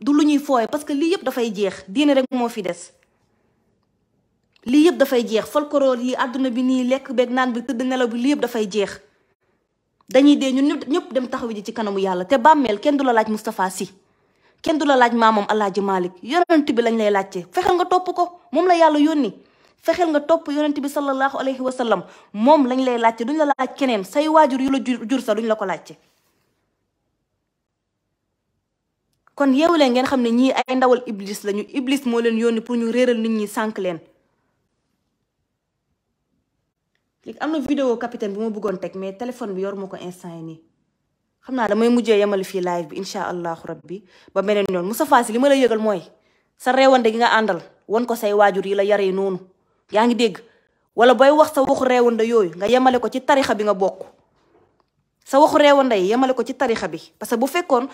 du lu parce que lii yëpp dafay jeex folklore yi àdduna bi nii lekk beeg naan bi tëdd nelaw bi lii yëpp dafay jeex dañuy dee ñun ñëpp dem taxaw ji ci kanamu yàlla te bàmmeel kenn du la laaj Moustapha Sy kenn du la laaj maamam Alaaji Malick yonent bi lañ lay laajte fexeel nga topp ko moom la yàlla yónni fexeel nga topp yonent bi sallallahu alayhi wa sallam moom lañ lay laajte duñ la laaj keneen say waajur yu la jur sa duñ la ko laajte kon yeewu leen ngeen xam ne ñii ay ndawal iblis lañu iblis moo leen yónni pour ñu réeral nit ñi sànq leen léegi am na vidéo capitaine bu ma bëggoon teg mais téléphone bi yor ma ko instant yi nii xam naa damay mujjee yemal fii live bi incha allahu rabbi ba beneen yoon Moustapha Sy li ma la yëgal mooy sa réewande gi nga àndal won ko say waajur yi la yaree noonu yaa ngi dégg wala booy wax sa waxu réewande yooyu nga yemale ko ci tarixa bi nga bokk sa waxu réewande ko ci tarixa bi parce que bu fekkoon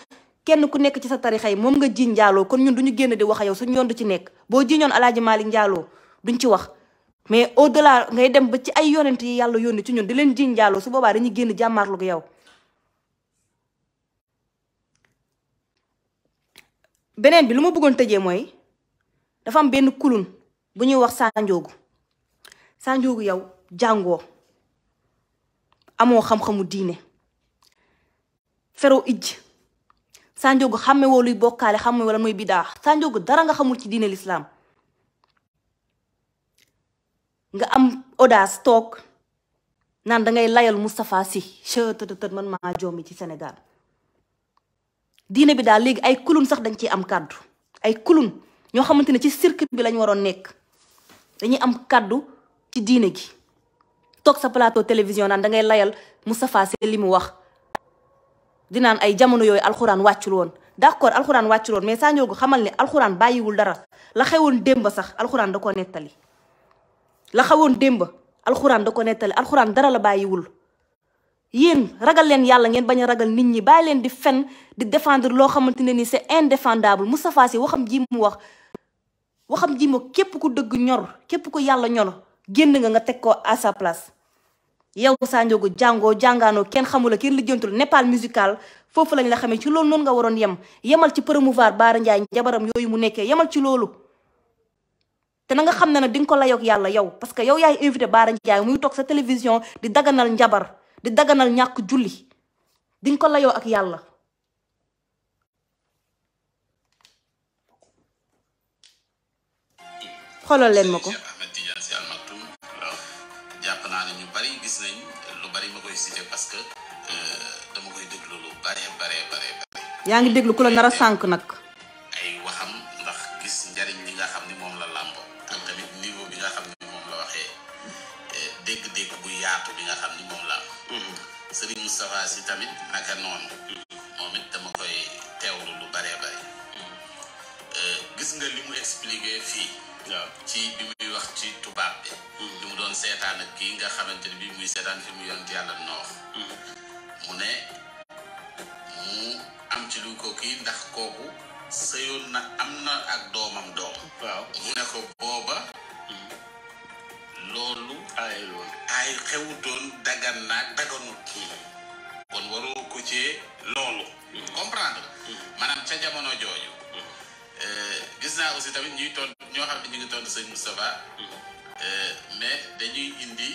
kenn ku nekk ci sa tarixa yi moom nga jiiñ njaaloo ñun du ñu génn di wax yow suñu yoon du ci nekk boo jiiñoon Alaaji Maalik njaaloo duñ ci wax mais au delà ngay dem ba ci ay yonent yi yàlla yónni ci ñun di leen jiñ njaaloo su boobaa dañuy génn jàmmaarlu ko yow beneen bi lu ma bëggoon tëjee mooy dafa am benn kulun bu ñuy wax sànjoogu sànjoogu yow jàngoo amoo xam-xamu diine fero ij sànjoogu xàmmewoo luy bokkaale xàmmewoo lan mooy bidaa sànjoogu dara nga xamul ci diine lislaam nga am audace nan da ngay layal Moustapha Sy chetëdëtët man ma jomi ci senegal diine bi da leg ay kulun sax dañ ci am cadeau ay kulun ño xamanteni ci cirque bi lañ waron nek dañuy am cadeau ci diine gi tok sa plateau télévision da ngay layal mustapha si limu wax di nan ay jamono yoy alcorane waccul won d'accord alcorane waccul won mais sa ñogu xamal ni alcorane bayiwul dara la xewon demba sax alcorane da ko netali la xawoon démb alxuraan da ko nettali alxuraan dara la bàyyiwul yéen ragal leen yàlla ngeen bañ a ragal nit ñi bàyyi leen di fen di défendre loo xamante ne ni c'est indéfendable Moustapha Sy waxam ji mu wax waxam ji mu képp ku dëgg ñor képp ku yàlla ñor génn nga nga teg ko à sa place yow Sa jàngoo jàngaanoo kenn xamula kenn lijjantul Népal musical foofu lañ la xamee ci loolu noonu nga waroon yem yemal ci promouvoir Baara Ndiaye jabaram yooyu mu nekkee yemal ci loolu té nga xamné ne ding ko layok yalla yow parce que yow yaay invité baran jaay muy tok sa télévision di daganal njabar di daganal ñak julli ding ko layo ak yalla xolal len mako ñu bari gis nañ lu bari cité parce que euh, dama koy lu ku la ay waxam ndax gis li nga la lambo ak tamit niveau bi nga xam ni moom la waxee eh, dégg-dégg bu yaatu bi nga xam ni moom la am mm-hmm. sëriñ tamit naka noonu mm-hmm. moom it dama koy teewlu lu baree bare mm-hmm. eh, gis nga li mu expliqué fii ci bi muy wax ci tubaab bi lu mu doon seetaan ak kii nga xamante ni bi muy seetaan fi mu yonent yàlla noox mu ne mu am ci lu ko kii ndax kooku sëyoon na am na ak doomam doom waaw mu ne ko booba loolu aayul woon ay xewutoon dagan naa daganut kon waroo ko ci loolu hmm. comprendre hmm. maanaam ca jamono jooju hmm. eh, gis naa aussi tamit ñuy tont ñoo xam ne ñu ngi tont sëñ Moustapha eh, mais dañuy indi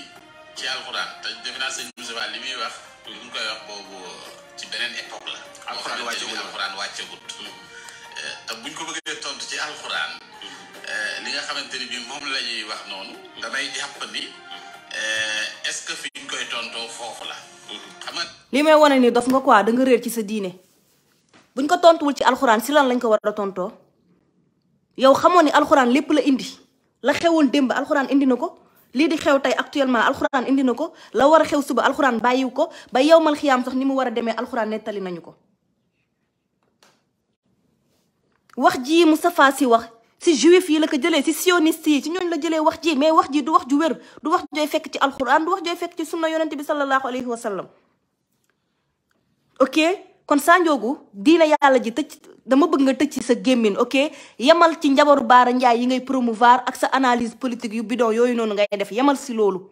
ci alxuraan te defe naa sëñ Moustapha li muy wax li mu koy wax boobu ci beneen époque la alxuraan wàccagut te buñ ko bëggee tontu ci alxuraan eh, li nga xamante ni bi moom la wax noonu damay jàpp ni eh, est fi ñu koy tontoo foofu la li may wone ni dof nga quoi da nga réer ci sa diine buñ ko tontuwul ci alxuraan si lan lañ ko war a tontoo yow xamoon ni alxuraan lépp la indi la xewoon démb alxuraan indi na ko lii di xew tey actuellement alxuraan indi na ko la war a xew suba alxuraan bàyyiw ko ba yow mal xiyaam sax ni mu war a demee alxuraan nettali nañu ko wax ji mustafa si wax si juif yi la ko jele si sioniste ci si la jele wax ji mais wax ji du wax ju wër du wax joy fekk ci alcorane du wax joy fekk ci sunna yonnati bi sallallahu alayhi wa sallam ok kon sanjoogu diina yalla ji tecc dama bëgg nga tecc ci sa gémmin ok yamal ci njabaru baara njaay yi ngay promouvoir ak sa analyse politique yu bidon yooyu non ngay def yamal si lolu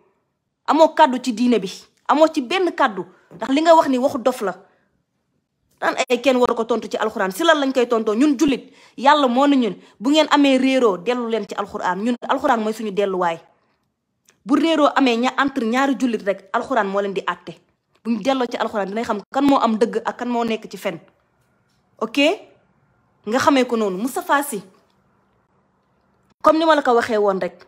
amo kaddu ci diine bi amo ci benn kaddu ndax li nga wax ni waxu dof la dan ay kenn war ko tontu ci alxuraan si lan lañ koy tontoo ñun jullit yàlla moo na ñun bu ngeen amee réeroo dellu leen ci alxuraan ñun alxuraan mooy suñu delluwaay bu réeroo amee ña entre ñaari jullit rek alxuraan moo leen di àtte bu ñu delloo ci alxuraan dinañ xam kan moo am dëgg ak kan moo nekk ci fen ok nga xamee ko noonu mu Moustapha si comme ni ma la ko waxee woon rek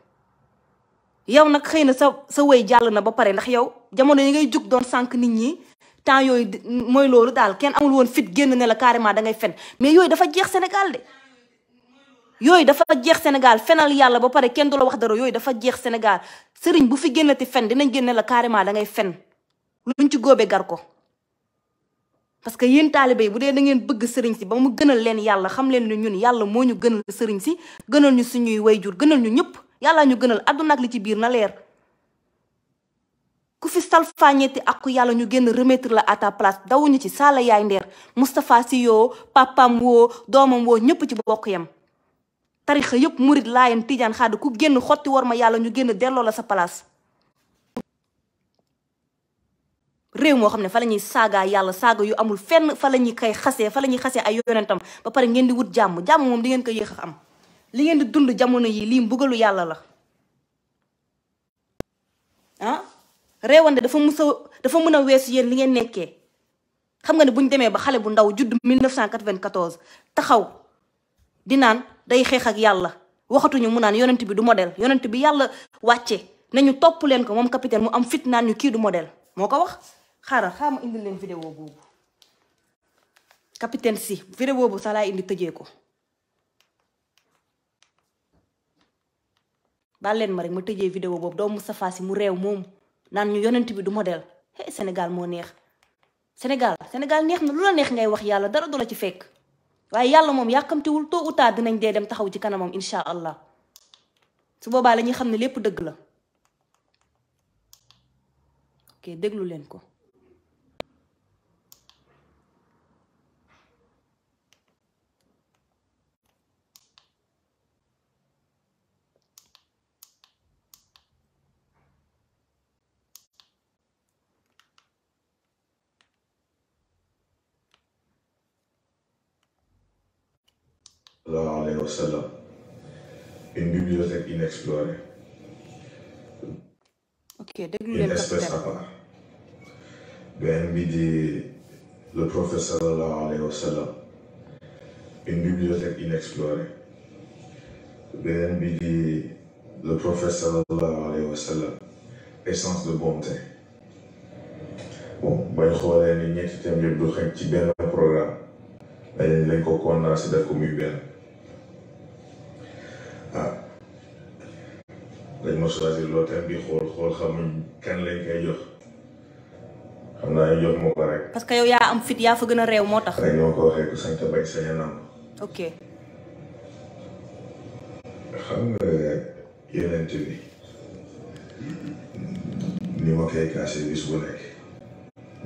yow nag xëy na sa sa jàll na ba pare ndax yow jamono yi ngay jug doon sànq nit ñi temps yooyu mooy loolu daal kenn amul woon fit génn ne la carrément dangay ngay fen mais yooyu dafa jeex Sénégal de yooyu dafa jeex Sénégal fenal yàlla ba pare kenn du la wax dara yooyu dafa jeex Sénégal sëriñ bu fi génnati fen dinañ génne la carrément da ngay fen luñ ci góobe gar ko parce que yéen taalibe yi bu dee da ngeen bëgg sëriñ si ba mu gënal leen yàlla xam leen ne ñun yàlla moo ñu gënal sëriñ si gënal ñu woy jur gënal ñu ñëpp yàlla ñu gënal àdduna ak li ci biir na leer ku fi salfaañeeti àqu yàlla ñu génn remettre la à ta place dawuñu ci saala yaay ndeer mustafaa si yoo papam woo doomam woo ñëpp ci bokk yam tarixa yëpp murit laayen tijaan xaadi ku génn xotti war ma yàlla ñu génn delloo la sa place réew moo xam ne fa la ñuy saagaa yàlla saaga yu amul fenn fa la ñuy kay xasee fa la ñuy xasee ay yonentam ba pare ngeen di wut jàmm jàmm moom di ngeen ko yéex am li ngeen di dund jamono yi lii mbugalu yàlla la ah? réewande dafa musa dafa mën a weesu yéen li ngeen nekkee xam nga ne bu ñu demee ba xale bu ndaw judd 1994 taxaw di naan day xeex yàlla waxatuñu mu naan yonant bi du modèle yonant bi yàlla wàcce nañu topp leen ko moom capitaine mu am fit naan ñu kii du modèle moo ko wax xaaral xaaral ma indil leen vidéo boobu capitaine si vidéo boobu sa laa indi tëjee ko baal leen ma rek ma tëjee vidéo boobu doomu Moustapha si mu réew moomu naan ñu yonent bi du modèle hey Sénégal moo neex Sénégal senegal neex na lu la neex ngay wax yàlla dara du la ci fekk waaye yàlla moom yàkkamtiwul tôt ou tard dinañ dee dem taxaw ci kanamam incha allah su boobaa lañuy xam ne lépp dëgg la ok déglu leen ko. alayhi wa sallam, une bibliothèque inexplorée, okay, une espèce à part. Ben dit le prophète sallallahu alayhi wa sallam, une bibliothèque inexplorée. Ben dit le prophète sallallahu alayhi wa sallam, essence de bonté. bon ben bañ xoolee ni ñetti thèmes yëpp du xëy ci benn programme dañ lañ ko condensé def ko muy programme. dañ ma choisir loteel bi xool xool xamuñ kan lañ koy jox xam naa ñu jox ma ko rek. parce que yow yaa am fit yaa fa gën a réew moo tax. rek ñoo ko waxee ku sañ te bañ sañ a nam. ok. xam nga yonent bi ni ma koy kaase bis bu nekk.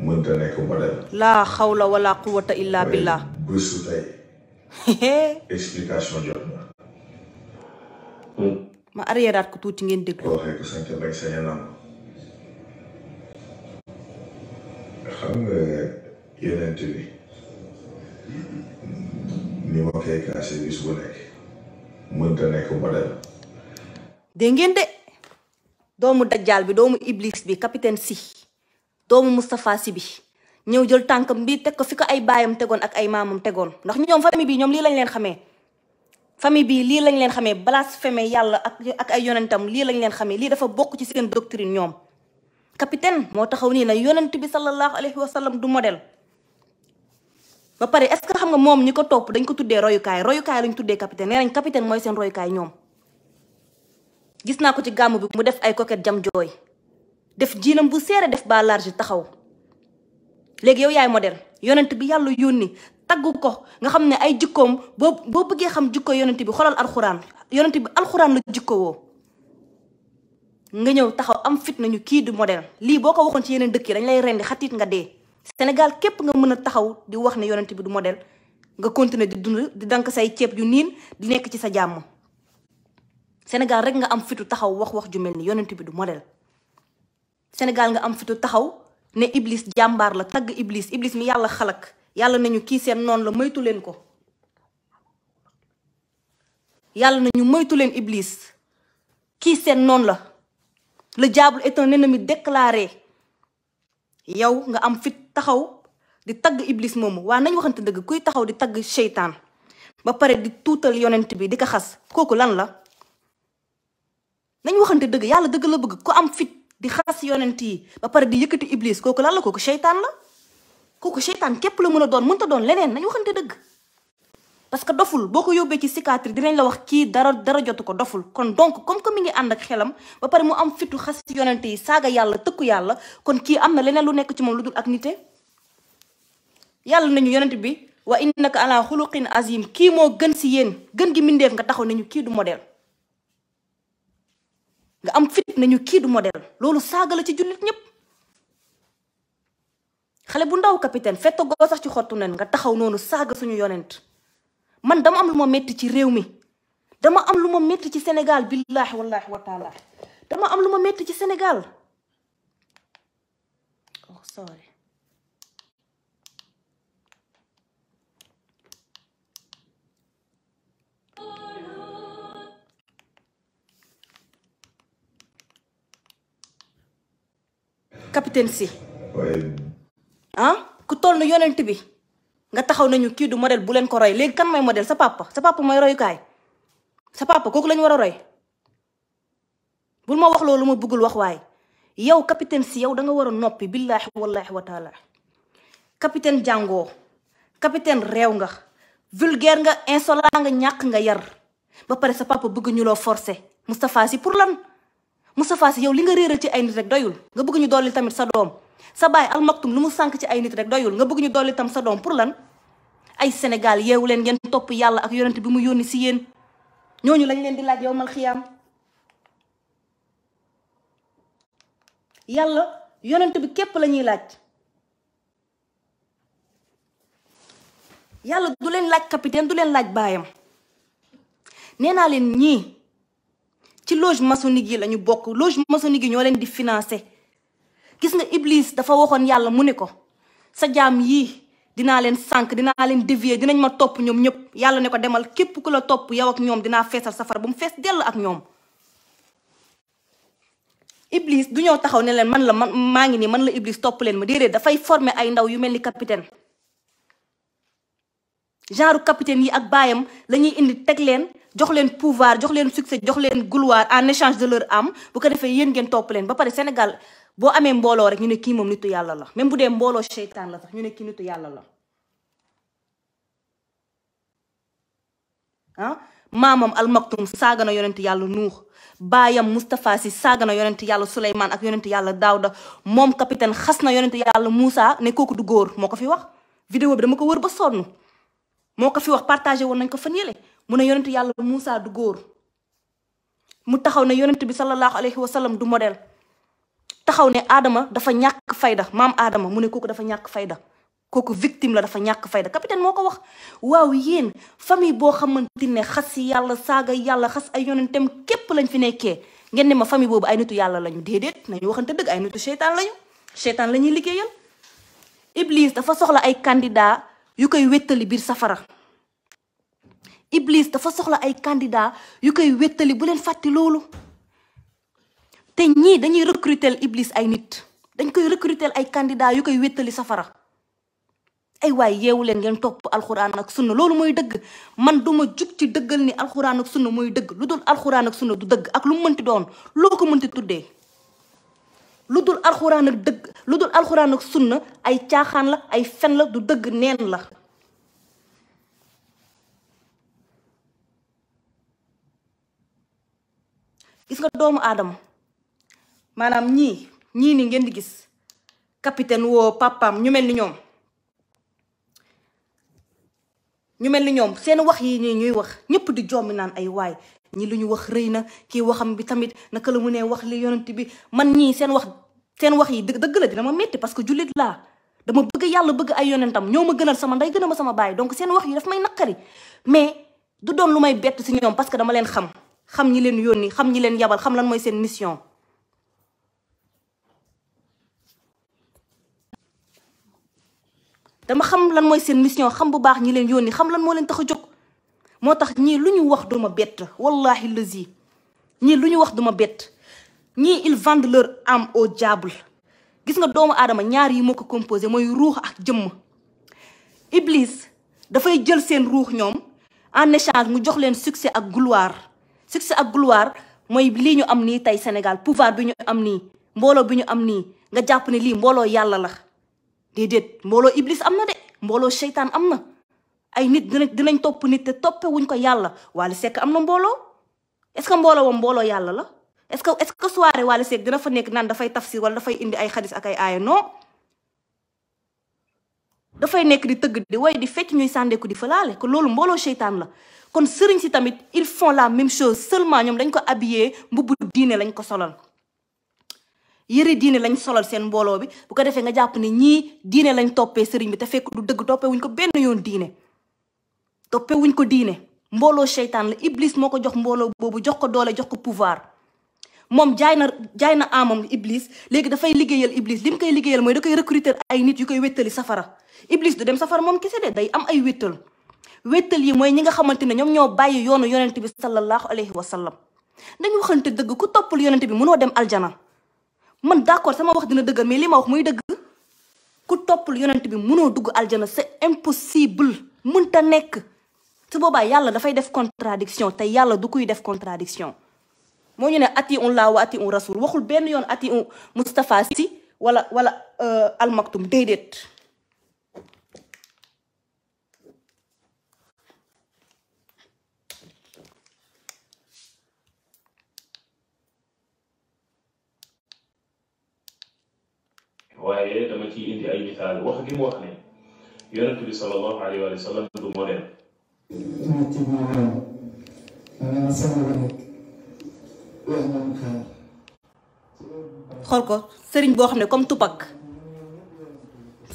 mënta nekk ma dem. laa xawla wala quwata illa billah. bisu tey. explication jot na. ma arriéraat ko tuti ngeen déglu. waxee ko sant bay sa ñaan xam nga yeneen bi ni ma koy kaase bis bu nekk mënta nekk modèle. dégg ngeen de doomu dajjal bi doomu iblis bi capitaine si doomu Mustafa si bi ñëw jël tankam bi tek ko fi ko ay bayam tegoon ak ay mamam tegoon ndax ñom fami bi ñom li lañ leen xamé famille bii lii lañ leen xamee blasphémé yàlla ak ak ay yonentam lii lañ leen xamee lii dafa bokk ci seen doctrine ñoom capitaine moo taxaw nii na yonent bi sallallahu alayhi wa sallam du model ba pare est que xam nga moom ñi ko topp dañ ko tuddee royukaay royukaay lañ tuddee capitaine nee nañ capitaine mooy seen royukaay ñoom gis naa ko ci gàmm bi mu def ay coquette jam jooy def jiinam bu seere def ba large taxaw léegi yow yaay modèle yonent bi yàlla yónni taggu ko nga xamne ne ay jikkom bo boo bëggee xam jikko yonenti bi xolal alquran yonenti bi alquran la jikko wo nga ñew taxaw am fitna ñu ki du model li boko waxon ci yeneen dëkk yi dañ lay rendi xatit nga dé sénégal képp nga mëna taxaw di wax né yonenti bi du model. nga continuer di dund di dank say ciép yu niin di nekk ci sa jamm sénégal rek nga am fitu taxaw wax wax ju melni ni bi du model sénégal nga am fitu taxaw ne iblis jambar la tag iblis iblis mi yalla xalak yàlla nañu kii seen noon la moytu leen ko yàlla nañu moytu leen iblis kii seen noon la le diable est un ennemi déclaré yow nga am fit taxaw di tagg iblis moomu waa nañ waxante dëgg kuy taxaw di tagg seytaan ba pare di tuutal yonent bi di ko xas kooku lan la nañ waxante dëgg yàlla dëgg la bëgg ku am fit di xas yonent yi ba pare di yëkkati iblis kooku lan la kooku seytaan la koku setan kep lu meuna don doon mënta doon leneen nañ waxante dëgg parce que doful boko yobé ci cicatrice dinañ la wax ki dara dara jotu ko doful kon donc comme que mi ngi and ak xelam ba paré mu am fitu yonenté yi kon ki am lenen leneen lu nekk ci mom luddul ak nité yalla nañu yonenté bi wa innaka ala khuluqin azim ki mo gën ci yeen gën gi mindeef nga taxaw nañu ki du model. nga am fit nañu ki du model, lolu saga la ci julit xale bu ndaw capitaine fettagoo sax ci xottu nen nga taxaw noonu saaga suñu yonent man dama am lu ma metti ci réew mi dama am lu ma metti ci Sénégal billaahi wallaahi dama am lu ma métti ci Sénégal oh si. ah ku toll na yonent bi nga taxaw nañu ki du model bu len ko roy leg kan mooy model sa papa sa papa roy kay sa papa koku lañ wara roy bul ma wax loolu ma bëggul wax way yow capitaine si yow da nga wara nopi noppi wallahi wa taala capitaine jango capitaine rew nga vulgaire nga insolent nga ñak nga yar ba paré sa papa bëgg ñu lo forcer mustapha si pour lan mustapha si yow li nga réeral ci ay nit rek doyul nga bëgg ñu tamit sa dom sa baay almaktum lu mu sànq ci ay nit rek doyul nga bëgg ñu dolli tam sa doom pour lan ay Sénégal yeewu leen ngeen topp yàlla ak yonent bi mu yónni si yéen ñooñu lañ leen di laaj yow mal xiyaam yàlla yonent bi képp la laaj yàlla du leen laaj capitaine du leen laaj baayam nee naa leen ñii ci loge maçonnique yi la ñu bokk loge maçonnique gi ñoo leen di financé gis nga Iblis dafa waxoon yàlla muniko sa jam yi dina len sank dina len dévier dinañ ma top ñom ñep yàlla ne ko demal kep ku la top yow ak ñom dina fessal safar bu mu fess del ak ñom Iblis du ñoo taxaw ne len man la ma ngi ni man la Iblis top len ma dede da fay former ay ndaw yu melni capitaine. genre capitaine yi ak bayam lañuy indi tek len jox len pouvoir jox len succès jox len gloire en échange de leur âme bu ko defé yéen ngeen top len ba pare Sénégal. boo amee mbooloo rek ñu ne kii moom nitu yàlla la même bu dee mbooloo seytaan la sax ñu ne kii nitu yàlla la ah, maamam almaktum saaga na yonent yàlla nuux baayam Moustapha si saaga na yonent yàlla Souleymane ak yonent yàlla Daawda moom capitaine xas na yonent yàlla Moussa ne kooku du góor moo ko fi wax. vidéo bi dama ko wër ba sonn moo ko fi wax partagé woon nañ ko fan yële mu ne yonent yàlla Moussa du góor mu taxaw ne yonent bi sallallahu alayhi wa sallam du modèle. taxaw ne aadama dafa ñàkk fayda maam aadama mu ne kooku dafa ñàkk fayda kooku victime la dafa ñàkk fayda capitaine moo ko wax waaw yéen famille boo xamante ne xas yàlla saaga yàlla xas ay yonentam képp lañu fi nekkee ngeen ne ma famille boobu ay nitu yàlla lañu déedéet nañu waxante dëgg ay nitu seytaan lañu seytaan la ñuy liggéeyal Iblis dafa soxla ay candidat yu koy wéttali biir safara Iblis dafa soxla ay candidat yu koy wéttali bu leen fàtte loolu te ñii dañuy recruter Iblis ay nit dañ koy recruter ay candidats yu koy wéttali safara ay waay yeewu leen ngeen topp alxuraan ak sunna loolu mooy dëgg man duma jug ci dëggal ni alxuraan ak sunna mooy dëgg lu dul alxuraan ak du dëgg ak lu mu mënti doon loo ko mënti tuddee lu dul alxuraan dëgg lu dul alxuraan ak sunna ay caaxaan la ay fen la du dëgg neen la gis nga doomu aadama manam ñi ñi ni ngeen di gis capitaine wo papam ñu mel ñom ñu mel ñom seen wax yi ñi ñuy wax ñepp di jom naan ay way ñi luñu wax reyna na waxam bi tamit naka la mu wax li yonent bi man ñi seen wax seen wax yi deug la dina ma metti parce que julit la dama bëgg yalla bëgg ay yonentam ñoma gënal sama nday gënal sama baay donc seen wax yi daf may nakari mais du doon lu may ham si ñoom parce que dama leen xam xam ñi leen yoni xam ñi leen yabal xam lan moy seen mission dama xam lan mooy seen mission xam bu baax ñi leen yónni xam lan moo leen tax a jóg moo tax ñii lu ñu wax duma bett wallahi lazi ñii lu ñu wax duma bett ñii il vendent leur âme au gis nga doomu aadama ñaar yi moo ko composé mooy ruux ak jëmm iblis dafay jël seen ruux ñoom en échange mu jox leen succès ak gloire succès ak gloire mooy lii ñu am nii tey Sénégal pouvoir bi ñu am nii mbooloo bi ñu am nii nga jàpp ne lii mbooloo yàlla la déedéet mbooloo iblis am na de mbooloo seytaan am na ay nit dinañ dinañ topp nit te toppe wuñ ko yàlla Wally Seck am na mbooloo est ce que mbooloo wam mbooloo yàlla la est ce que est ce que soirée Wally Seck dina fa nekk naan dafay tafsir wala dafay indi ay xadis ak ay aaya non dafay nekk di tëgg di way di fecc ñuy sàndeeku di falaale ko loolu mbooloo seytaan la kon sëriñ si tamit il font la même chose seulement ñoom dañ ko habillé mbubbu diine lañ ko solal yëre diine lañ solal seen mbooloo bi bu ko defee nga jàpp ne ñii diine lañ toppee sëriñ bi te fekk du dëgg toppee wuñ ko benn yoon diine toppee wuñ ko diine mbooloo seytaan la iblis moo ko jox mbooloo boobu jox ko doole jox ko pouvoir moom jaay na jaay na amam iblis léegi dafay liggéeyal iblis li mu koy liggéeyal mooy da koy recruter ay nit yu koy wéttali safara iblis du dem safara moom kese de day am ay wéttal wéttal yi mooy ñi nga xamante ne ñoom ñoo bàyyi yoonu yonent bi sallallahu alayhi wa sallam dañu waxante dëgg ku toppul yonent bi mënoo dem aljana man d'accord sama wax dina dëgg mais li ma wax muy dëgg ku toppul yonent bi mënoo dugg aljana c'est impossible mënta nekk su boobaa yàlla dafay def contradiction te yàlla du kuy def contradiction moo ñu ne ati un laa wa ati un rasul waxul benn yoon ati un Moustapha si wala wala euh, almaktum déedéet waaye dama ciy indi ay misaal wax gi mu wax ne yonent bi sallallahu alayhi wa sallam du modèle. xool ko sëriñ boo xam ne comme Tupac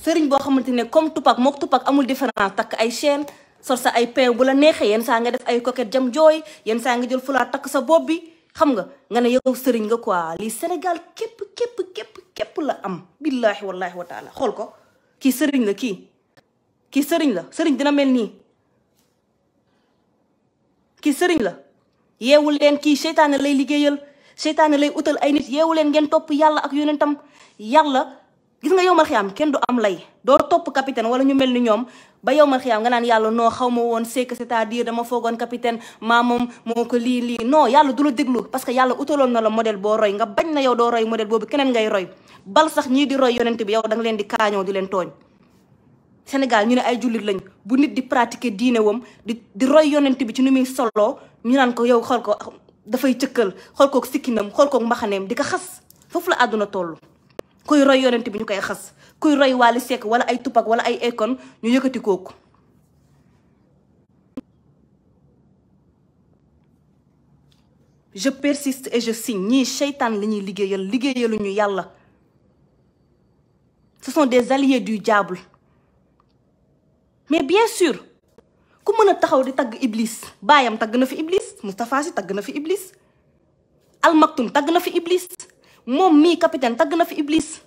sëriñ boo xamante ne comme Tupac mook Tupac amul différence takk ay chaîne sor sa ay pain bu la neexee yenn saa nga def ay coquette jam jooy yenn saa nga jël fulaar takk sa bopp bi. xam nga nga ne yow serign nga quoi li senegal kep kep kep kep la am billahi wallahi wa taala xol ko ki, serign la ki ki serign la serign dina melni ki serign la yewul len ki seytaane lay liggéeyal seytaane lay utal ay nit yewul len ngeen top yalla ak yonentam yalla gis nga yow ma xiyaam kenn du am lay doo topp capitaine wala ñu mel ni ñoom ba yow ma xiyaam nga naan yàlla noo xaw ma woon c'est que cest dama foogoon capitaine maa moom moo ko lii lii non yàlla du la déglu parce que yàlla utaloon na la modèle boo roy nga bañ na yow doo roy modèle boobu keneen ngay roy bal sax ñii di roy yonent bi yow da nga leen di kaañoo di leen tooñ Sénégal ñu ne ay jullit lañ bu nit di pratiquer diine wam di di roy yonent bi ci nu muy soloo ñu naan ko yow xool ko dafay cëkkal xool kook sikkinam xool kook mbaxaneem di ko xas foofu la àdduna toll kuy roy yonent bi ñukay xass xas kuy roy Wally Seck wala ay tupak wala ay ekon ñu yëkkati kooku je persiste et je signe ñii seytaan li ñuy liggéeyal ñu yalla ce sont des alliés du diable mais bien sûr ku mën taxaw di tag Iblis bayam tag na fi Iblis Moustapha si tag na fi Iblis Almaktoum tag na fi Iblis moom mi capitaine tagna fi Iblis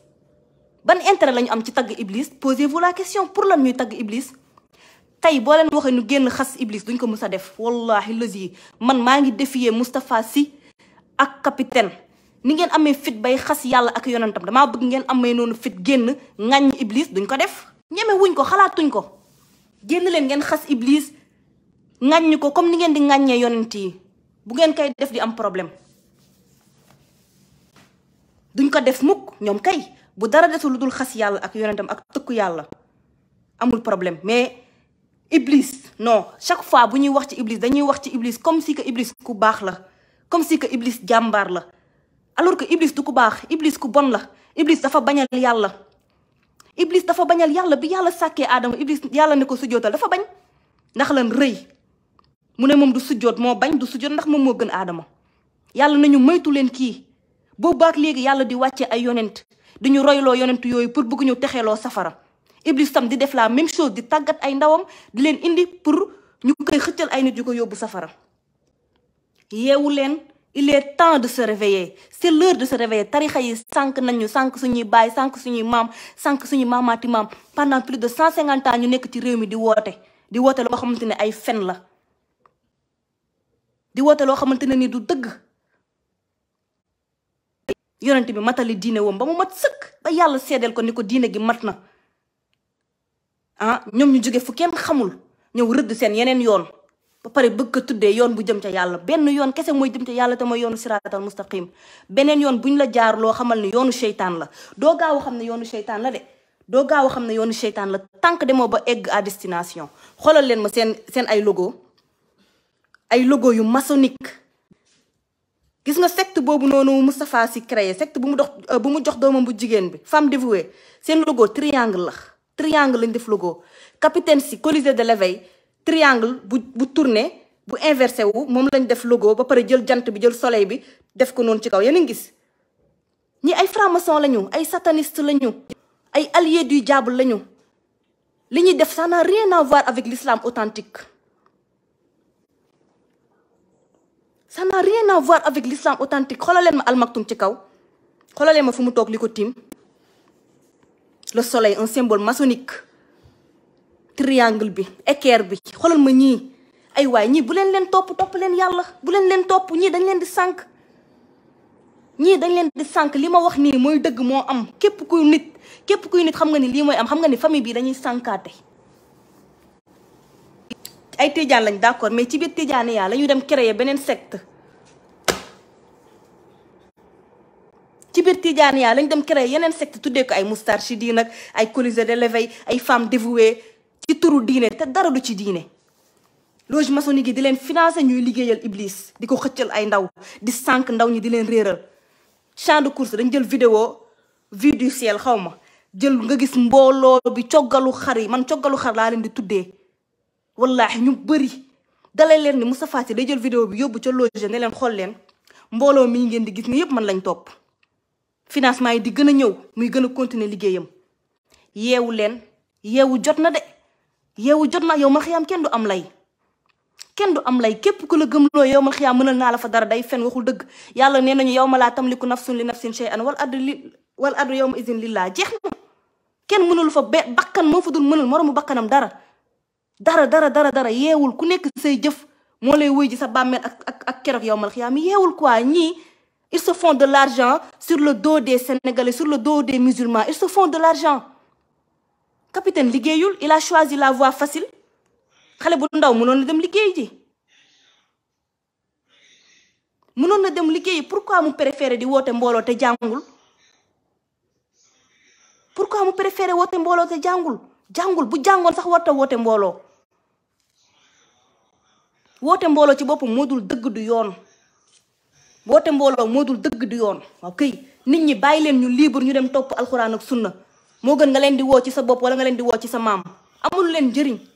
ban intérêt lañu am ci tag Iblis posez-vous la question pour lan ñuy tagg Iblis. tay bo leen waxe ñu genn xas Iblis duñ ko mës a def wallahi lazi man maa ngi défier mustapha si ak capitaine ni ngeen amé fit bay xas yalla, ak yonentam dama bëgg ngeen amé nonu fit genn ngagn Iblis duñ ko def. ñeme wuñ ko xalaatuñ ko genn leen ngeen xas Iblis ngagn ko comme ni ngeen di ŋàññee yonent yi bu ngeen kay def di am problème. duñ ko def mukk ñoom kay bu dara desul lu dul xas yàlla ak yonentam ak tëkku yàlla amul problème mais iblis no chaque fois bu ñuy wax ci iblis dañuy wax ci iblis comme si que iblis ku baax la comme si que iblis jàmbaar la alors que iblis du ku baax iblis ku bon la iblis dafa bañal yàlla iblis dafa bañal yàlla bi yàlla sàkkee aadama iblis yàlla ne ko sujjootal dafa bañ ndax lan rëy mu ne moom du sujjoot moo bañ du sujjoot ndax moom moo gën aadama yàlla moytu leen kii boobaak léegi yàlla di wàcce ay yonent diñu royloo yonent yooyu pour bëgg ñu texeloo safara iblis tam di def la même chose di tàggat ay ndawam di leen indi pour ñu koy xëccal ay nit yu ko yóbbu safara yeewu leen il est temps de se réveiller c'est de se réveiller tarixa yi sànq nañu sànq suñuy baay sànq suñuy maam sànq suñuy maamaati maam pendant plus de cent cinquante ans ñu nekk ci réew mi di woote di woote loo xamante ne ay fen la di woote loo xamante ne ni du dëgg yonent bi matali diine woom ba mu mat sëkk ba yàlla seedeel ko ni ko diine gi mat na ah ñoom ñu jóge fu kenn xamul ñëw rëdd seen yeneen yoon ba pare bëgg ko tuddee yoon bu jëm ca yàlla benn yoon kese mooy jëm ca yàlla te mooy yoonu siraatal mustaqim beneen yoon buñ la jaar loo xamal ni yoonu seytaan la doo gaaw xam ne yoonu seytaan la de doo gaaw xam ne yoonu seytaan la tànk demoo ba egg à destination xoolal leen ma seen seen ay logo ay logo yu maçonnique gis nga sect boobu noonu Moustapha si créé secte bu mu dox euh, bu mu jox doomam bu jigéen bi femme dévouée seen logo triangle la triangle lañ def logo capitaine Sy colisée de l'éveil triangle bu bu tourné bu inversé wu moom lañ def logo ba pare jël jant bi jël soleil bi def ko noonu ci kaw yéen a ngi gis ñi ay franc-maçon lañu ay sataniste lañu ay alliés du jaabul lañu li ñuy def ça n'a rien à avec l'islam authentique ça n'a rien à voir avec l'islam authentique xoolal ma almaktum ci kaw xoolal ma fu mu le soleil un symbole maçonnique triangle bi équerre bi xoolal ma ñii ay waay ñii bu len top, top topp leen yàlla bu leen leen top, ñii dañ leen di sànq ñii dañ leen di sànq li ma wax nii mooy dëgg moo am kep kuy nit képp kuy nit xam nga ni lii mooy am xam nga ni famille bi dañuy sànkaate ay tijaan lañ d'accord mais ci biir tijaan yaa la ñu dem créer beneen secte ci biir tijaan yaa lañ dem créer yeneen secte tuddee ko ay moustarchidine nag ay colisée de l'éveil ay femmes dévouées ci turu diine te dara du ci diine loge maçonnique yi di leen financé ñuy liggéeyal iblis di ko xëccal ay ndaw di sànq ndaw ñi di leen réeral champ de course dañ jël video vue du ciel xaw ma jël nga gis mbooloo bi coggalu xar yi man coggalu xar laa leen di tuddee والله ñu bari dalay leen ni Moustapha fati day jël vidéo bi yóbbu ci loge ne leen xol leen mbolo mi ngeen di gis ni yépp man lañ top financement yi di gëna ñëw muy gëna continuer liggéeyam yewu leen yewu jotna de yewu jotna yow ma xiyam kenn du am lay kenn du am lay képp ku la gëm lo yow ma xiyam mënal na la fa dara day fen waxul dëgg yàlla nee nañu yow ma laa tamliku nafsun li nafsin shay'an wal addu li wal addu yawma ma izin lillah jeexna kenn mënul fa bakkan mo fudul dul mënal moroomu bakkanam dara dara dara dara dara yewul ku nek sey jëf mo lay wuy ji sa bammel ak ak ak keroog yow mal xiyaam yeewul quoi ñi ils se font de l'argent sur le dos des sénégalais sur le dos des musulmans ils se font de l'argent capitaine ligéyul il a choisi la voie facile xalé bu ndaw mënoon dem ligéy ji mënoon na dem ligéy pourquoi mu préférer di woté mbolo té jangul pourquoi mu préférer woté mbolo té jangul jangul bu jàngoon sax warta woté mbolo woote mbooloo ci boppam moo dul dëgg du yoon woote mbooloo moo dul dëgg du yoon waaw këy nit ñi bàyyi leen ñu libre ñu dem topp alxuraan ak sunna moo gën nga leen di woo ci sa bopp wala nga leen di woo ci sa maam amul leen njëriñ